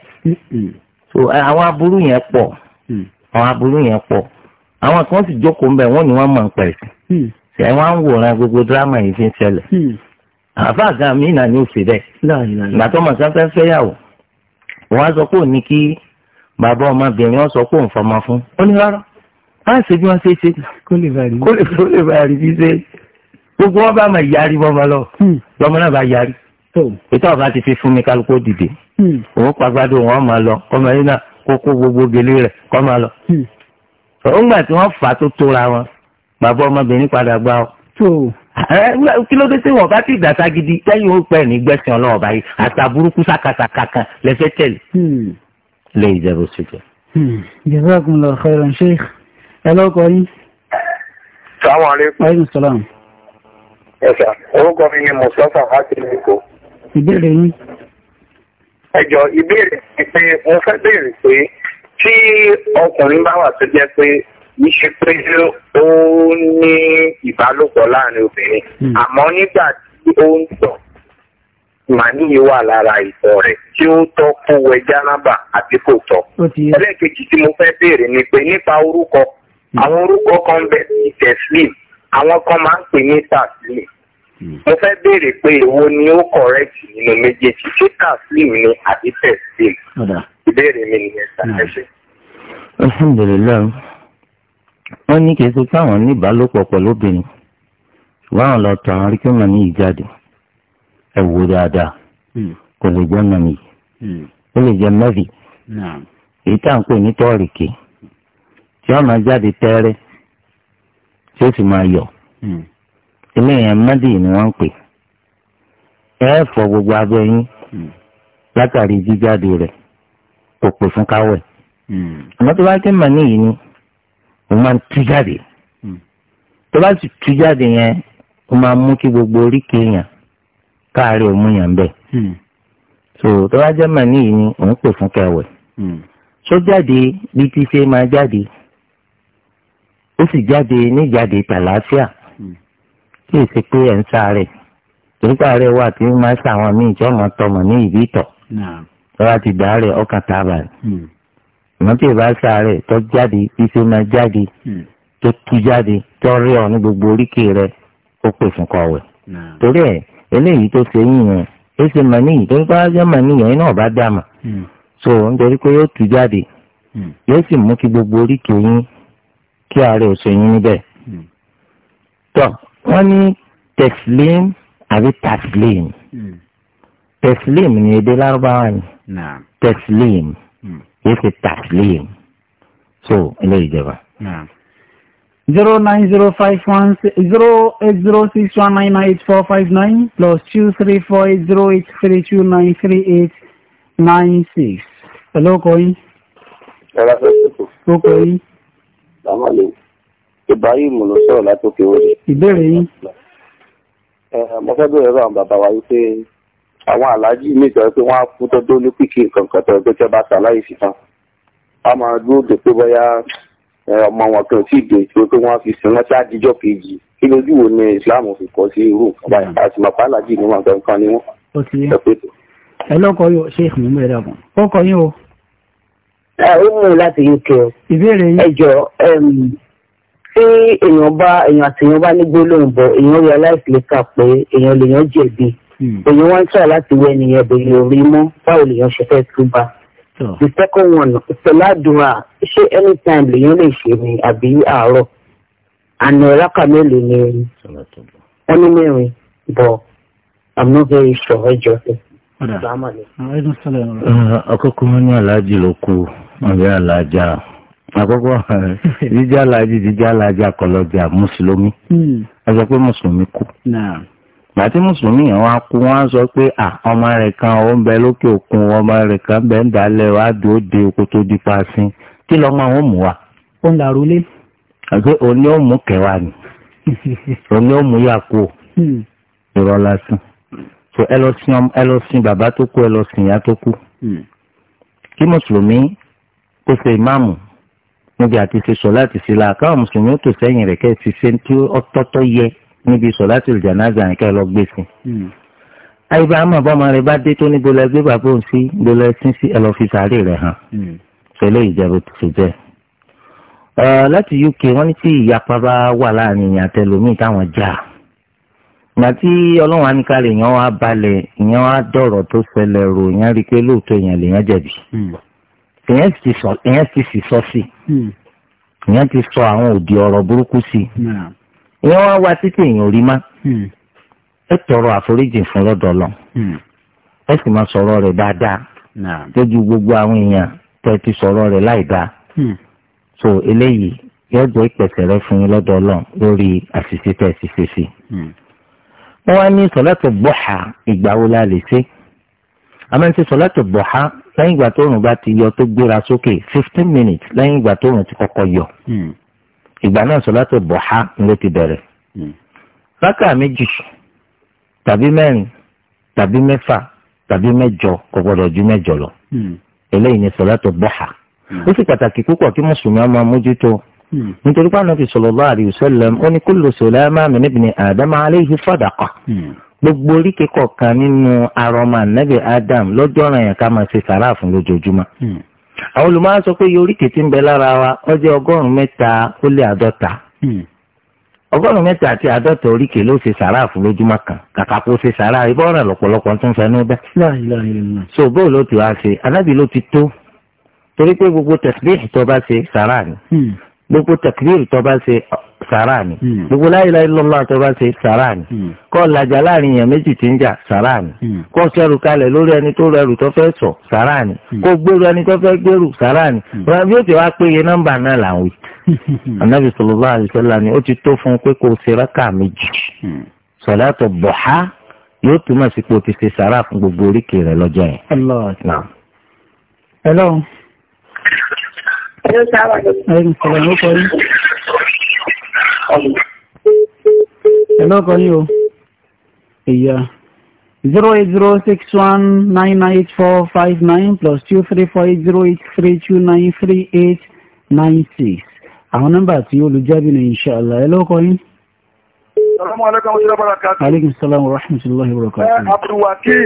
so àwọn aburú yẹn pọ̀ mm. àwọn aburú yẹn pọ̀ àwọn kan jókòó mbẹ wọ́n mọ̀ mm. ń sí ẹ̀ gbogbo dírámà yìí fi ń ṣẹlẹ̀ mm. àfa mi ni ó mọ̀ sáfẹ́ wọ́n á sọ pé òní kí ọmọbìnrin wọn sọ pé òun fọmọ fún ó ní rárá ṣe bí ṣe ṣe gbogbo wọn bá máa yarí bọ́ máa lọ hmm. lọ́mọ náà bá yarí hmm. ètò ọba ti fi fún mi kálukú dìde hmm. òun pàgbádò wọn máa lọ ọmọ yìí náà kókó gbogbo gèlè rẹ̀ kọ́ máa lọ. ògbà tí wọ́n fà á tó tóra wọn bàbá ọmọbìnrin padà gbá ọ. kí ló dé tí wọn bá ti dàsa gidi lẹ́yìn ó pẹ́ ní gbẹ̀sìn ọlọ́wọ́ báyìí àtà burúkú sàkàsàkà kan lẹ́fẹ́ tẹ̀lé. lè ìjẹ́bù síjọ. jazakumullahu khairan sheikh ẹ lọ́kọ̀ yín. salaamaleykum. aleykum salaam ẹ̀sà orúkọ mi ni mustapha láti lẹ́kọ. ìbéèrè yín. ẹjọ ìbéèrè ni pé mo fẹ́ béèrè pé tí ọkùnrin bá wà tó jẹ́ pé iṣẹ́ pé ó ní ìbálòpọ̀ láàrin obìnrin hmm. àmọ́ nígbà tí ó ń tọ̀ màníyí wà lára ìtọ̀ rẹ̀ tí ó tọ́ fún wẹ jánábà àti kò tọ́. ẹlẹ́ẹ̀kejì tí mo fẹ́ béèrè ni pé nípa orúkọ hmm. àwọn orúkọ kan bẹ ní tẹ̀slim àwọn kan máa ń pè ní taslim hmm. mo fẹ́ béèrè pé èwo ni ó correct nínú méjèèjì ṣé taslim ni àbí taslim ìbéèrè mi nìyẹn sàkẹ́sẹ́. Hmm. alhamdulilayi wọn ní kí n sọ pé àwọn ní ìbálòpọ̀ pẹ̀lú obìnrin ṣùgbọ́n àwọn lọ tọ àwọn rí kí wọ́n ní ìjáde ẹ wò dáadáa hmm. kò lè jẹ́ nàmì ó lè jẹ́ mẹ́fì èyí tá à ń pè ní tọ́ọ̀rì kì tí wọ́n máa jáde tẹ́rẹ́ tí ó sì máa yọ eléyàn hmm. mádì ni wọ́n ń pè ẹ fọ gbogbo abẹ́ yín hmm. látàrí jíjáde rẹ̀ kò pè fún káwẹ̀ hmm. àmọ́ tó bá ké mà níyìí ni mo máa ń tú jáde tó bá sì tú jáde yẹn ó máa mú kí gbogbo oríkèé yàn káàárẹ òmùyàn bẹ́ẹ̀ so tó bá jẹ́ mà níyìí ni òun pè fún kẹwẹ̀ sójáde bí ti ṣe máa jáde ó sì jáde níjáde tàlàáfíà hmm. kí èsì pé ẹ̀ ń sáré torípa rẹ̀ wà tí wọ́n máa ṣàwọn míì tí wọ́n tọmọ̀ ní ìbí hmm. ìtọ̀ lọ́wọ́ ti dà rẹ̀ ọkàn tábà rẹ̀ ìmọ̀tí ìbá sáré tó jáde ife máa jáde hmm. tó tú jáde tó rí ọ ní gbogbo oríkèé rẹ̀ ó pè fún kọ̀wé torí ẹ̀ eléyìí tó ṣe yín yẹn ó ṣe mọ̀ níyì torípa rẹ̀ mọ̀ níyì ẹ̀yin náà bá dà mọ̀ so nítorí pé yóò tú jáde yóò sì mú kí gbogbo oríkèé yín kí ààrẹ òṣèyìn níbẹ̀. Hmm. tọ́ wọ́n ní tẹ̀sílẹ́m àbí tàsílẹ́m hmm. tẹ̀sílẹ́m ní èdè lárúbáwá ni tẹ̀sílẹ́m yìí fi tàsílẹ́m so ilé ìjọba. zero nine zero five one zero eight zero six one nine nine eight four five nine plus two three four eight zero eight three two nine three eight nine six. hello kọ́yìn. ẹ lásán ṣe kù. ó kọ́yìn sàmọ́lé Ibrahim ló sọ̀rọ̀ látòkè orí. ìbéèrè yín. mo fẹ́ bẹ̀rẹ̀ lọ́wọ́ bàbá wa yìí pé àwọn aláàjì mi sọ pé wọ́n á fún tọ́jú olókìkí nǹkan kan tó ẹgbẹ́ tí wọ́n bá ṣàlàyé sí tán. a máa dúró dè pé bóyá ọmọ wọn kan tí ìdè ìṣòro pé wọ́n á fi sìn wọ́n sí àdíjọ́ kejì kí lójú wo ni Islam fi kọ́ sí irú nǹkan báyìí àti màpá aláàjì mi wọn kan ni wọ́n. ó ti yẹ ẹ lọ́kọ̀ọ́ yóò ṣe ó mú láti UK o. tí èèyàn bá èèyàn àti èèyàn bá ní gbólóhùn bọ èèyàn realize later pé èèyàn lèèyàn jẹ̀bi hmm. èèyàn wá ń try láti wẹ ènìyàn bèèrè orí mọ́ báwo lèèyàn ṣe fẹ́ túbà. the second one ìpẹ̀ládùnrà ṣé anytime lèèyàn lè ṣe ni àbí àárọ̀ àna ẹ̀ráka mélòó ni wọ́n mẹ́rin bọ̀ i'm not very sure ẹ jọ ẹ. ọ̀dà ọ̀kọ́kọ́ wọn ní aláàjì ló kú ọ̀rẹ́ alájà àkọ́kọ́ jíjá alájì jíjá alájà kọlọ́jà mùsùlùmí ẹ hmm. sọ pé mùsùlùmí kú gbàtí mùsùlùmí yẹn wá kú wọn sọ pé à ọmọ rẹ̀ kan ó ń bẹ lókè òkun ọmọ rẹ̀ kan bẹ ń dalẹ̀ wá dùn ó de oko tó di paṣin kí lọ́mọ àwọn mú wa. ó ń darú lé. àti òní ó mú kẹwàá ni òní ó mú yàkó hmm. irọ́ lásán so ẹ lọ sin bàbá tó kú ẹ lọ sin ìyá tó kú hmm. kí mùsùlùmí kó ṣe ìmáàmù níbi àti ṣe sọ̀láàtì sí la káwọn mùsùlùmí ó tò sẹ́yìn rẹ̀ kẹ́ ẹ ti ṣe tí ó tọ́tọ́ yẹ níbi sọ̀láàtì ìjànáza yẹn kẹ́ ẹ lọ gbé sí. Hmm. àyíbá àmọ́ bọ́mọ rẹ̀ bá dé tó ní bọ́lá gbé bàbá òun sí bọ́lá ẹsìn sí ẹ lọ fi sàárè rẹ̀ hàn. ṣẹlẹ̀ ìjẹ́bù tó ṣe bẹ́ẹ̀. láti UK wọ́n ní tí ìyapa bá wà láàrin ìyàn àtẹlómi táwọn já ìgbà tí ọlọ́run àníkàlẹ̀ èèyàn wá balẹ̀ èèyàn wá dọ̀rọ̀ tó ṣẹlẹ̀ rò èèyàn rí i pé lóòótọ́ èèyàn lèèyàn jẹ̀bi. Hmm èèyàn ti sọ èèyàn ti sì sọ sí èèyàn hmm. ti sọ àwọn òdì ọ̀rọ̀ burúkú sí èèyàn wá wá títí èèyàn rí má hmm. ẹ tọrọ àforíjì fún lọ́dọ̀ lọ hmm. ẹ sì máa sọ̀rọ̀ rẹ̀ dáadáa lójú gbogbo àwọn èèyàn tẹ́ ti sọ̀rọ̀ rẹ̀ láì dáa so eléyìí yóò jẹ́ ìpèsè rẹ fún yín lọ́dọ̀ Ọlọ́run lórí àṣìṣe tẹ́ ti ṣe sí. wọ́n wá ní sọ̀látò bọ̀há ìgbà wo la lè ṣe àmọ́ ní sọ̀látò bọ̀há lẹ́yìn ìgbà tóòrùn bá ti yọ tó gbéra sókè fifteen minutes lẹ́yìn ìgbà tóòrùn ti kọ́kọ́ yọ hmm. ìgbà náà sọ̀látù duha ló ti bẹ̀rẹ̀ hmm. rákà méjì tàbí mẹ́rin tàbí mẹ́fà tàbí mẹ́jọ kò gbọdọ̀ ju mẹ́jọ lọ hmm. eléyìí ni sọ̀látù duha ó sì pàtàkì púpọ̀ kí mùsùlùmí ọmọ mójútó nítorí pé Ànábì sallallahu alaihi wasallam ó ní kullu sulama min ibni Adama gbogbo oríkè kọ̀ọ̀kan nínú arọmọ ànábì Adam lọ́jọ́ ràn yẹn ká máa ṣe sàrà fún lójoojúmọ́. Hmm. àwọn olùmọ̀ọ́ sọ pé iye oríkè tí ń bẹ lára wa ó jẹ́ ọgọ́rùn-ún mẹ́ta ó lé àádọ́ta. Hmm. ọgọ́rùn-ún mẹ́ta àti àádọ́ta oríkè ló ṣe sàrà fún lójúmọ́ kan kàkà kó ṣe sàrà ibà ọ̀ràn lọ́pọ̀lọpọ̀ tó ń fẹnu bẹ́. so bóòlù ló ti wá ṣe ànábì ló ti tó sàrà ni hmm. gbogbo la ilaha illallah tó bá ṣe sàrà ni hmm. kọ́ làjà láàrin èèyàn méjì tí ń jà sàrà ni hmm. kọ́ sẹ́rù kalẹ̀ lórí ẹni tó rẹrù tó fẹ́ sọ sàrà ni kó gbèrú ẹni tó fẹ́ gbèrú sàrà ni wọn bí ó ti wá péye nọ́mbà náà là ń wí. anabi sallallahu alaihi wasallam ni ó ti tó fún pé kó ṣe rákà méjì salatu duha yóò túmọ̀ sí pé o ti ṣe sàrà fún gbogbo oríkèé rẹ lọ́jọ́ yẹn. Hello. Hello, sáwà. Ẹ̀yin sọ̀rọ̀ ló Hello, kọ́ yìí o. Ìyá. Zero eight zero six one nine nine eight four five nine plus two three four eight zero eight three two nine three eight nine six. Àwọn nọ́mbà tí olùjábí ni inṣàlá. Hello, kọ́ yìí. Assalamu alaikum wa rahmatullahi wa barakatuh. Alaikum salam wa rahmatullahi wa barakatuh. Abdulwaki,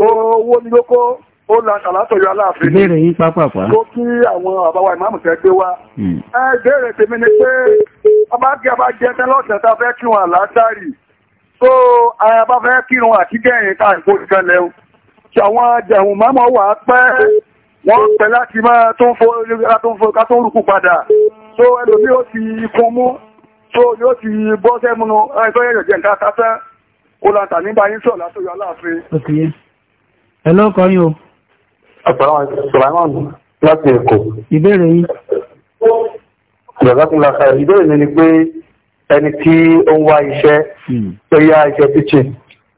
owó ní lókó, ó làtàlátọ̀yọ aláàfin. Béèrè yín pápápá. Tó kí àwọn àbáwá ìmáàmù tẹ́ gbé wá. Hmm. Ẹ béèrè tèmi ni pé ọba jẹ́ bá jẹ́ tẹ́lọ́sẹ̀ tá fẹ́ kírun àlásàrì tó ara bá fẹ́ kírun àti gẹ̀yìn ká ìkó ìkẹlẹ̀ o tí àwọn jẹ̀hùn mámọ́ wà pẹ́ wọ́n pẹ́ láti máa tó ń fo ká tó ń rúkú padà tó ẹlòmí ó ti kún mú tó yóò ti bọ́ sẹ́múnu ẹ̀tọ́ yẹ̀yọ̀ jẹ́ nǹkan kásẹ́ kó lantà nígbà yín sọ̀ látòyọ̀ aláàfin. ẹ lọ́kọ̀ọ́ yín o. ọ̀pọ̀lọpọ̀ láti èkó. ìbéèrè yín ìgbàgbọ́kùnlá kan ìbéèrè mi ni pé ẹni tí ó ń wá iṣẹ́ hmm. tó yá iṣẹ́ teaching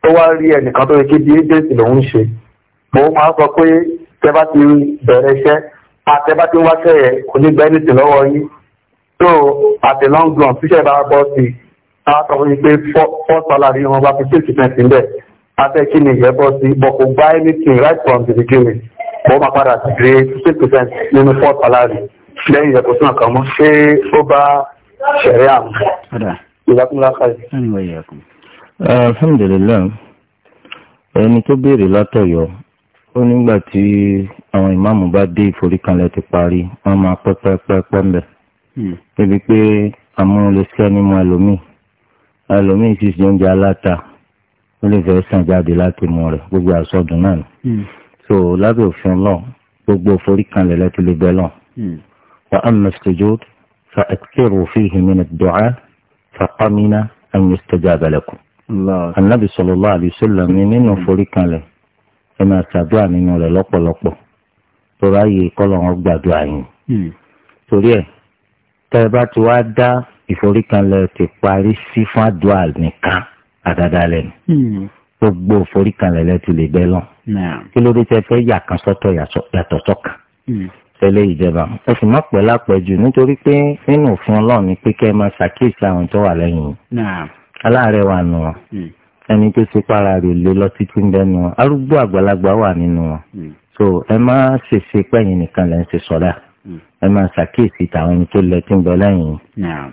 tó wá rí ẹnìkan tó yẹ kí bí agency lòun ń ṣe mo máa ń sọ pé tẹ́ bá ti bẹ̀rẹ̀ iṣẹ́ àtẹ bá ti ń wáṣẹ́ yẹn kò ní gba anything lọ́wọ́ yín so àtẹ long run tíṣẹ́ bá bọ́ sí i a sọ fún mi pé four salary wọn bá fi six percent ń bẹ̀ àtẹ kí ni ìyẹn bọ́ sí i but kò gba anything right from the beginning mo máa padà sí three six percent nínú four salary lẹ́yìn ẹ̀kọ́ sínú àkàn mọ́ ṣé ó bá ṣẹ̀rẹ́ àmú ìlàkúnlá kalẹ̀. alhamdulilayi ẹni tó béèrè látọ̀yọ́ ó nígbà tí àwọn ìmáàmù bá dé ìforíkanlẹ̀ ti parí wọ́n máa pẹ́pẹ́pẹ́pẹ́ mbẹ̀ ebi hmm. pé amúnulẹ̀sẹ̀ ni mo ẹlòmíì ẹlòmíì sì ṣe oúnjẹ aláta ó lè fẹ́ sàn jáde láti mú rẹ̀ gbogbo àsọdùn náà hmm. so lábẹ́ òfin náà gbogbo ìforíkanlẹ̀ lẹ́tọ́ lè bẹ́ náà. Hmm. وأما السجود فأكثروا فيه من الدعاء فقمن أن يستجاب لكم الله. النبي صلى الله عليه وسلم nínú foríkanlẹ̀ ẹ máa ṣàdúrà nínú rẹ̀ lọ́pọ̀lọpọ̀ torí ààyè kọ́lọ́run gbàdúrà yín torí ẹ̀ tẹ́ ẹ bá ti wá dá ìforíkanlẹ̀ ti parí sí fún àdúrà nìkan àdáadáa lẹ́nu gbogbo ìforíkanlẹ̀ lẹ́ ti lè bẹ́ lọ kí ló dé tẹ́ fẹ́ yà kan sọ́tọ̀ yàtọ̀ sọ́kan tẹ̀lé ìjọba ẹ sì má pẹ́ lápẹ́jù nítorí pé nínú òfin ọlọ́run ni pé kẹ́ ẹ máa ṣàkíyèsí àwọn tó wà lẹ́yìn yìí aláàárẹ̀ wà nù wọn hmm. ẹni tó ti para rè lé lọ títí ń bẹ́nu wọn arúgbó àgbàlagbà wà nínú wọn hmm. so ẹ má ṣèṣe pẹ́yìn nìkan lẹ́ ń ṣe sọ́dà hmm. ẹ máa ṣàkíyèsí tàwọn ẹni tó lẹ tí ń bẹ lẹ́yìn yìí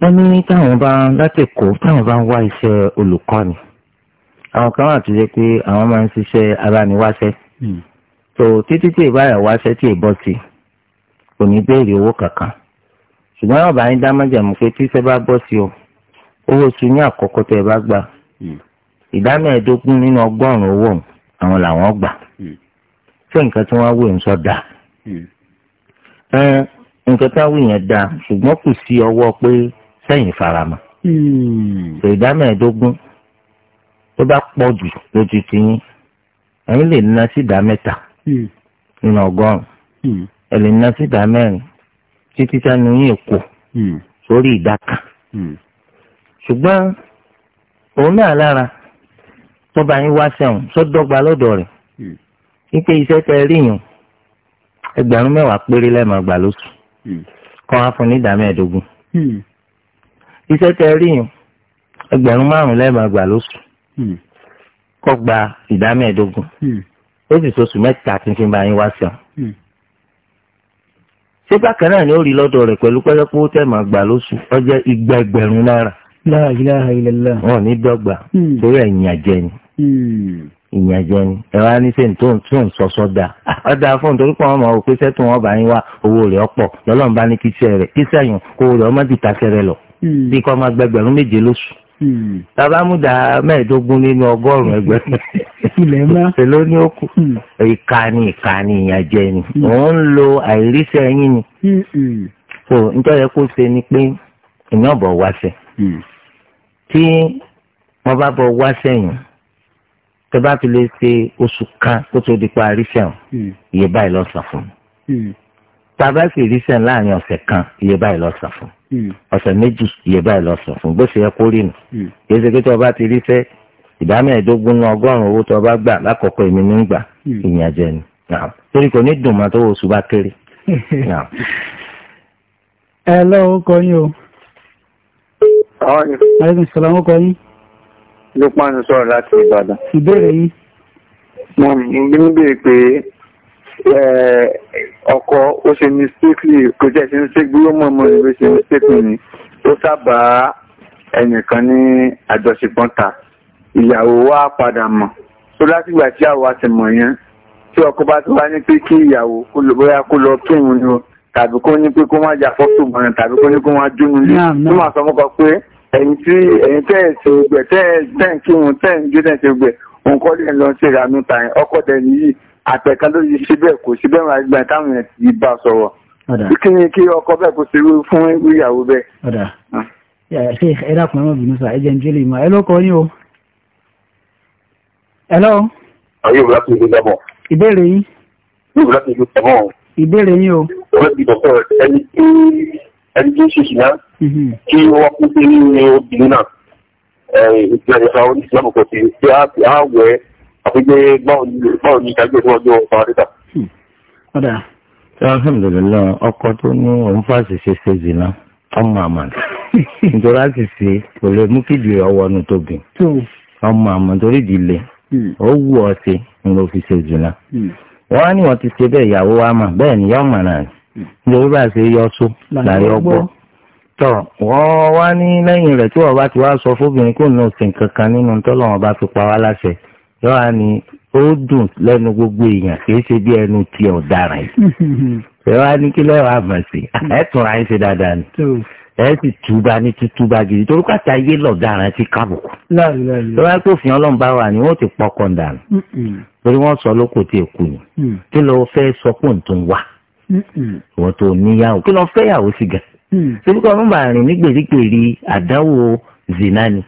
wọ́n ní táwọn bá látẹ̀kọ́ táwọn bá ń wá iṣẹ́ olùkọ́ni àwọn kan wà tó jẹ́ pé àwọn máa ń ṣiṣẹ́ abániwáṣẹ́ tó títí tí ìbáyà wá ṣẹ́ tí ìbọ̀ sí kò ní béèrè owó kankan ṣùgbọ́n yóò bá yín dá májàmú pé tí iṣẹ́ bá bọ́ sí o owó oṣù ní àkọ́kọ́ tẹ́ ẹ bá gbà hmm. ìdá mẹ́ẹ̀ẹ́dógún nínú ọgọ́rùn-ún owó àwọn làwọn gbà hmm. ṣé nǹkan tí wọ́n wò ń sọ dáa hmm. nǹkan táwọn èèyàn dáa ṣùgbọ́n kò sí ọwọ́ pé sẹ́yìn farama ṣe ìdá mẹ́ẹ̀ẹ́dógún tó bá pọ̀ jù lójú ti yín ẹ̀yin lè ná sí ìdá mẹ́ta. Hmm. nínú ọgọ́rùn-ún hmm. ẹ lè ná sí ìdá mẹ́rin títí sanu yín èkó hmm. sórí ìdá kan ṣùgbọ́n òun náà lára tọ́ba yín wá sẹ́wọ̀n sọ́dọ́gba lọ́dọ̀ rẹ̀ wípé iṣẹ́ tẹ rí yàn ẹgbẹ̀rún mẹ́wàá péré lẹ́ẹ̀mọ́ gbà lóṣù kọ́ wá fún ní ìdá mẹ́ẹ̀ẹ́dógún iṣẹ́ tẹ rí yàn ẹgbẹ̀rún márùn-ún lẹ́ẹ̀mọ́ gbà lóṣù kọ́ gba ìdá ó sì sọ oṣù mẹ́ta tuntun bá yín wá sàn. Hmm. ṣé bákan náà ni ó rí lọ́dọ̀ rẹ̀ pẹ̀lú pẹ́lẹ́pẹ́ ó tẹ̀ máa gbà lóṣù igba ẹgbẹ̀rún náírà. La ilaha illallah. wọn ò ní dọ́gba hmm. torí ni hmm. ìyìn ni ẹ wá ní sẹ́ni tó ń ń sọ́sọ́ dà ah, fún wọn bá yín wá owó rẹ̀ ọ̀pọ̀ lọ́lọ́run bá ní kíṣẹ́ rẹ̀ kíṣẹ́ kó owó rẹ̀ ọmọdé lọ bí kò máa bàbá hmm. mú da mẹ́ẹ̀ẹ́dógún nínú ọgọ́rùn-ún ẹgbẹ́ ilẹ̀ ńlá èló ní ó kù hmm. ìkànnì ìkànnì ìyànjẹ ni òun hmm. ń lo àìríṣẹ́ yín ni so nítorí yẹ kó ṣe ni pé èèyàn bọ̀ wá sẹ́ tí wọ́n bá bọ̀ wá sẹ́yìn tẹ bá fi lè ṣe oṣù kan kó tó di pa àríṣẹ́ ọ̀hún iye báyìí lọ́sàn fún mi tàbá sì ríṣẹ́ láàrin ọ̀sẹ̀ kan iye báyìí lọ́sàn fún mi. Hmm. ọ̀sẹ̀ méjì iye báyìí lọ sọ fún gbèsè ẹ̀kọ́ rí nù hmm. kí ẹsẹ̀ pé tó o bá ti rí fẹ́ ìdá mẹ́ẹ̀ẹ́dógún ní ọgọ́rùn-ún owó tó o bá gbà lákọ̀ọ́kọ́ èmi ní gbà hmm. ìyànjẹ ni torí kò ní dùn mọ́ tó oṣù bá kéré. ẹ lọ́wọ́ kọ yín o. aleykum salaam ó kọ yín. lópin sọ̀rọ̀ láti Ìbàdàn. ìbéèrè yín. mo ń bí Eh, ọkọ ó ṣe mistakely kò jẹ́ ṣe ń ṣe gbé ó mọ̀ọ́mọ́ ìwé ṣe mistakely ni ó sábà ẹnìkan ní àjọṣepọ̀ ta ìyàwó wa padà mọ̀ tó látìgbà tí àwa ti mọ̀ yẹn tí ọkọ bá ti wá ní pé kí ìyàwó kó lọ bóyá kó lọ kírun ni o tàbí kó ní pé kó má jà fọ́tò mọ̀ tàbí kó ní kó má jóni lé tó máa sọ mọ́kọ pé ẹ̀yin tí ẹ̀yin tẹ́ ẹ̀ ṣe gbẹ̀ tẹ́ ẹ̀ tẹ́ ń kírun tẹ́ ń gbé tẹ́ ń ṣe gbẹ̀ òǹkọ́ lè lọ sí ìranú ta yẹn ọkọ̀ tẹ̀ nìyí àtẹ̀kan tó ti ṣe bẹ́ẹ̀ kò ṣe bẹ́ẹ̀ máa gbà táwọn èèyàn ti bá sọ̀rọ̀ kí ni kí ọkọ bẹ́ẹ̀ kò ṣe rú fún ìyàwó bẹ́ẹ̀. ṣe ẹ dákun ẹ mọ bínú sá ẹ jẹ ń jẹ lè mọ ẹ lọkọ yín o. ẹ lọ. ayé òwúrọ̀ tó ń gbé jábọ̀. ìbéèrè yín. òwúrọ̀ tó ń gbé jábọ̀. ìbéèrè yín o. òwúrọ̀ tó ń gbé jábọ̀ ẹni tí ẹni tí ń ṣe ṣìyá mhm. kí wọ́n kú sí ní obìnrin náà ìgbẹ̀rẹ̀ pé báwo ni ìdájọ́ ìwọ́n jọ ọ̀pá Ọ̀dà, alhamdulillah, ọkọ tó ní òun fàṣìṣe ṣe zìnà, ọmọ àmà. Nítorí àṣìṣe kò lè mú kí ìdìrẹ̀ ọwọ́ ọ̀nù tóbi. Ọmọ àmà torí ìdílé, hmm. ó wù ọ́ sí ni ló fi ṣe zìnà. Hmm. Wọ́n á ní wọ́n ti ṣe bẹ́ẹ̀ ìyàwó wa mà, bẹ́ẹ̀ ni yọ́ màrà rẹ̀. Hmm. Nítorí bá ṣe yọ só láàrin ọgbọ́n tọ wọn wá ní lẹ́yìn rẹ̀ tí wọ́n bá ti wá sọ fóbìnrin kò ní òsìn yóò wá ní ó dùn lẹ́nu gbogbo èèyàn kì í ṣe bí ẹnu tiẹ̀ ọ̀daràn yìí hmm. ẹ wá kí lẹ́wọ̀ àmọ̀sí ẹ ra ẹ ṣe dáadáa ni ẹ sì túba ní tútúba gidi torí pàtà yé lọ̀daràn ti kábùkù lọ́wọ́ ẹ tó fi ọlọ́run bá wà ní wọ́n ti pọkàn dànù torí wọ́n sọ lóko tí èkú ni mm. kí lọ fẹ́ sọ pé òun tó ń wà wọ́n tó níyàwó kí lọ fẹ́ yàwó sí gan síbi kan ló máa rìn ní gbèrígbèrí àdánwò zina ni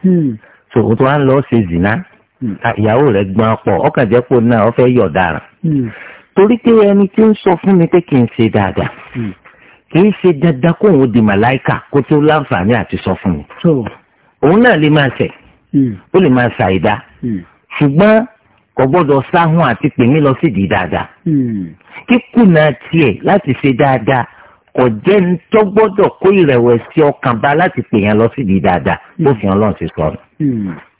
tòun mm. tó wá ń lọ ṣe zina. Hmm. Ah, ìyàwó rẹ̀ gbọ́n pọ̀ ọkàn jẹ́ pò náà ó fẹ́ yọ̀ dára hmm. torí pé ẹni tí ń sọ fún mi pé kì í ṣe dáadáa hmm. kì í ṣe dandan kó òun di màláìkà kó tó láǹfààní àti sọ fún mi òun náà lè máa ṣẹ̀ ó lè máa ṣàìdá ṣùgbọ́n kò gbọ́dọ̀ sáhùn àti pèmí lọ sídìí dáadáa kíkùnà tiẹ̀ láti ṣe dáadáa kò jẹ́ tó gbọ́dọ̀ kó ìrẹ̀wẹ̀sì ọkàn bá láti pè yẹn lọ sídìí dáadáa bófin ọlọ́run ti sọ̀rọ̀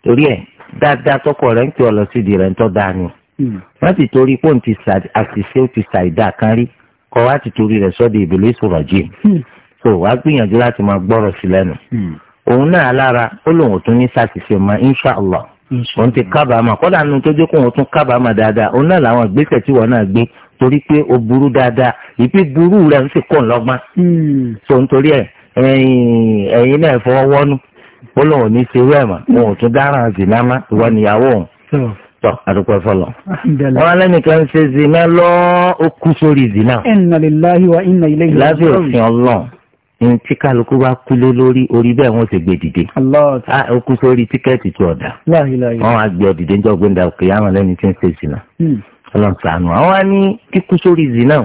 torí ẹ̀ dáadáa tọkọ rẹ̀ ń pè ọ lọ sídìí rẹ̀ ń tọ́ dáa ni wọ́n hmm. ti torí pé òun ti àṣìṣe ó ti ṣàìdá kan rí kọ́ wá ti torí rẹ̀ sọ́dọ̀ ìbílẹ̀ ìṣòro hmm. jì so wá gbìyànjú láti máa gbọ́rọ̀ sí lẹ́nu hmm. òun náà lára ó lóun ò tún ní ṣàṣìṣe mọ́ inshàlá òun ti kábàámà kọ́dà nínú tó jẹ́ kó òun tún kábàámà dáadáa òun náà làwọn ìgbésẹ̀ tí wọ́n náà gbé torí pé ó burú dáadáa ìpè burú rẹ̀ ń sì kó ń lọ́gbọ́n so nítorí ẹ̀ ẹ̀yin náà fọwọ́ wọ́nú ó lóun ò ní ṣe irú ẹ̀ mọ́ hmm. òun ò tún dáràn zìnà má ìwọ níyàwó òun tọ́ àdúpẹ́ fọlọ́. wọn alẹ́nìkan ṣe zìnà lọ ó kú sórí zìnà. inna wa inna ilayhi. lábẹ́ òfin ọlọ́run ní tí kálukú bá kúlé lórí orí bẹ́ẹ̀ wọ́n ti gbé dìde. a ó kú sórí tíkẹ́ẹ̀tì tí ọ̀dà. wọ́n á gbé ọ̀dìdé níjọ́ gbẹ́ndà òkè àwọn lẹ́ni tí ń ṣe zìnà. Hmm. ọlọ́run ṣàánú àwọn á ní kíkú sórí zìnà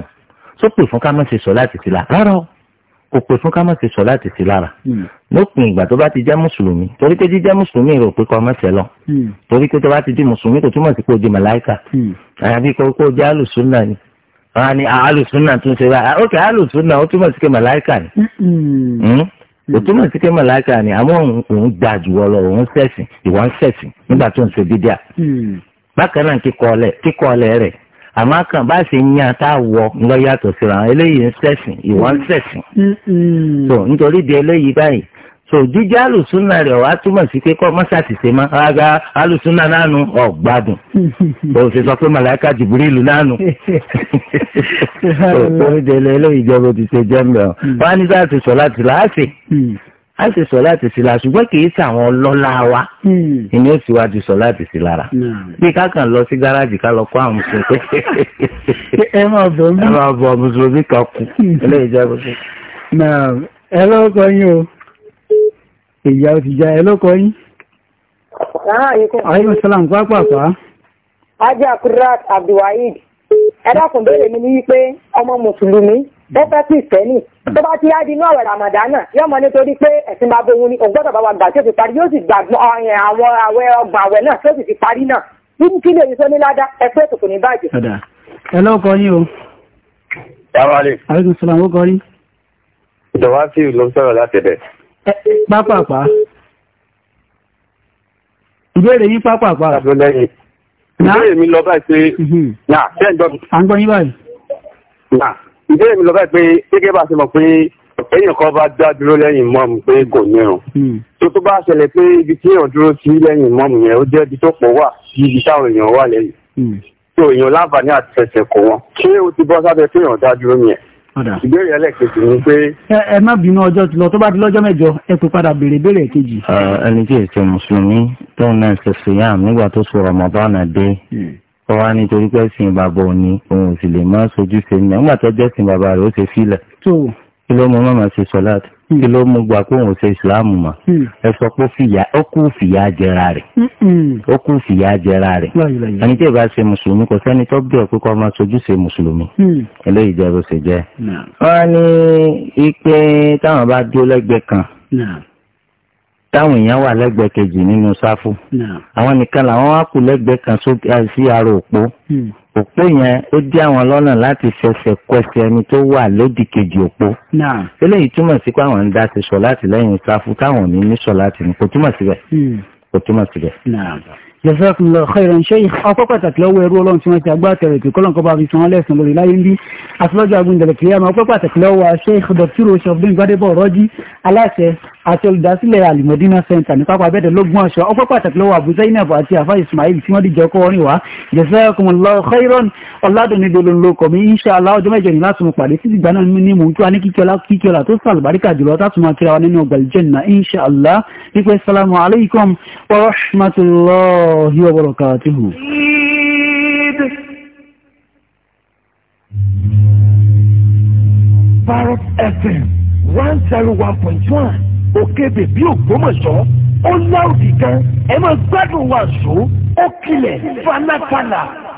sópè fún ká má ṣe sọ láti ti là rárá o kò pè fún ká má ṣe sọ láti sí lára hmm. lópin ìgbà tó bá ti jẹ́ mùsùlùmí torí pé jíjẹ́ mùsùlùmí rò pé kọ́ mẹ́sẹ̀ lọ hmm. torí pé tó bá ti di mùsùlùmí kò túmọ̀ sí pé o di màláìkà hmm. àyàfi kó kó jẹ́ àlùsùnà ni wọn ni àlùsùnà tún ṣe báyìí ókè àlùsùnà ó túmọ̀ sí pé màláìkà ni ó túmọ̀ sí pé màláìkà ni àmọ́ òun gbà jù ọ lọ òun ṣẹ̀sìn ìwọ́n ṣẹ̀sìn nígbà tó ń ṣe bídíà bákan náà kíkọ́ ọlẹ̀ àmọ́ kan bá ṣe ń yan tá a wọ eléyìí ń ṣẹ̀sìn ń mm, mm. so nítorí di eléyìí báyìí so jíjẹ́ alùsùnà rẹ̀ wá túmọ̀ sí pé kọ́ mọ́ṣáàtìṣe aga alùsùnà nánu ọ̀gbádùn o ṣe sọ pé màláìka jìbìrìlù nánu torí di eléyìí ìjọba ti ṣe jẹ́ mẹ́ọ̀ mm. wọ́n á ní sáà ti sọ láti a sì sọ láti sí la ṣùgbọ́n kì í ṣàwọn ọlọ́lá wa hmm. ìní ó sì wájú sọ láti sí lára hmm. bí kákan lọ sí gáràjì ká lọ kó àwọn mùsùlùmí ẹ máa bọ̀ mùsùlùmí kan kú eléyìí hmm. jẹ́ bó ṣe. ẹ lọ́kọ yín o ìyá ò ti já ẹ lọ́kọ yín. ayé sàlám pápápá. ajé akurat abdulwaheed ẹ dákun bẹ́ẹ̀ mi ní wípé ọmọ mùsùlùmí bẹ́ẹ̀ fẹ́ sí ìfẹ́ nì tó bá ti á di náà ramadana yóò mọ nítorí pé ẹ̀sìn máa bó òun ni òun gbọ́dọ̀ bá wa gbà tí ó ti parí yóò sì gbà àwọn àwẹ̀ ọgbà àwẹ̀ náà tí ó sì ti parí náà nínú kí lè sọ ní ládá ẹgbẹ́ tòkò ní bàjẹ́. ẹ lọ́kọ yín o. sàmàlì. àríkùn sàmàlì ó kọ rí. ìjọba sí ìlú sọ̀rọ̀ láti bẹ̀. pápápá. ìbéèrè yín pápápá. àbúlẹ́yìn. ìbéèrè mi lọ báyìí pé. Mhm. nà ṣé ń gbọ́ mi. à ń ìbéèrè mi lọ bẹ́ẹ̀ pé gẹ́gẹ́ bá a ṣe mọ̀ pé èèyàn kan bá dá dúró lẹ́yìn mọ́ọ̀mù pé kò nírun hmm. tó tó bá ṣẹlẹ̀ pé ibi tí èèyàn dúró sí lẹ́yìn mọ́ọ̀mù yẹn ó jẹ́ ibi tó pọ̀ wà sí ibi táwọn èèyàn wà lẹ́yìn tó hmm. èèyàn láǹfààní àti fẹsẹ̀ kọ̀ wọ́n ṣé o ti bọ́ sábẹ́ pé èèyàn dá dúró yẹn ìbéèrè ẹlẹ́ẹ̀kejì ni pé. ẹ má bínú ọjọ́ ti lọ tó bá di lọ́jọ́ mẹ́jọ ẹ tó padà béèrè béèrè kejì. ẹni tí èsì mùsùlùmí tóun náà ṣe tó sọ Ramadan dé hmm ó wá nítorí pé sìn bàbá òní òun ò sì lè má sojú ṣe ní àwọn àti ọjọ́ sìn bàbá rẹ̀ ó ṣe fílẹ̀ kí ló mú mọ́mọ́ ṣe sọ́láàtì hmm. kí ló mú gbà pé òun ṣe ìsìláàmù mọ́ hmm. ẹ sọ pé ó kú fìyà jẹra rẹ̀ hmm, ó kú fìyà jẹra rẹ̀ ẹni tí ìbá ṣe mùsùlùmí kò sẹ́ni tó bí ọ̀pẹ́ kọ́ máa sojú ṣe mùsùlùmí eléyìí jẹ́ bó ṣe jẹ́. wọ́n ní ipe táwọn bá dúró lẹ́gbẹ̀ẹ́ kan táwọn èèyàn wà lẹ́gbẹ̀ẹ́ kejì nínú sáfù àwọn nìkan làwọn wá kù lẹ́gbẹ̀ẹ́ kan eh, sí ara òpó hmm. òpó yẹn ó dí àwọn lọ́nà láti fẹsẹ̀ kọsẹ̀ ẹni tó wà lódì kejì òpó eléyìí túmọ̀ sí pé àwọn ń dá ti sọ láti lẹ́yìn sáfù táwọn ò ní ní sọ láti ní kò túmọ̀ síbẹ̀ hmm. kò túmọ̀ síbẹ̀ jazakallahu khairan sheikh ọpọ́ pàtàkì lọ́wọ́ ẹrú ọlọ́run tí wọ́n ti agbátẹrẹ tí kọ́lọ́n kọ́ bá fi san lẹ́sùn lórí láyé ń bí àtúlọ́jọ́ agbóhùndẹ̀lẹ̀ kìlíyàmọ́ ọpọ́ pàtàkì lọ́wọ́ sheikh dr osofdin gbadebo rọ́jí aláṣẹ àti olùdásílẹ̀ alimọ̀dínà center ní pápá abẹ́dẹ̀ lógún ọ̀ṣọ́ ọpọ́ pàtàkì lọ́wọ́ abu zainab àti afa ismail tí wọ́n dìjọ kọ́ orin wá jazakumullahu khairan ọ̀làdùnní dolo ló kọ̀ mí insha Allah ọjọ́ mẹ́jọ ní láti mú pàdé títí gbà náà ní mò ń kí wa ní kíkíọ́lá kíkíọ́lá tó sàlùbáríkà jùlọ الله وبركاته Parrot FM 101.1 òkè bèbí Ògbómọ̀ṣọ́ ó láòdì gan ẹ máa gbádùn wàásù ó kilẹ̀ fanáfàlà.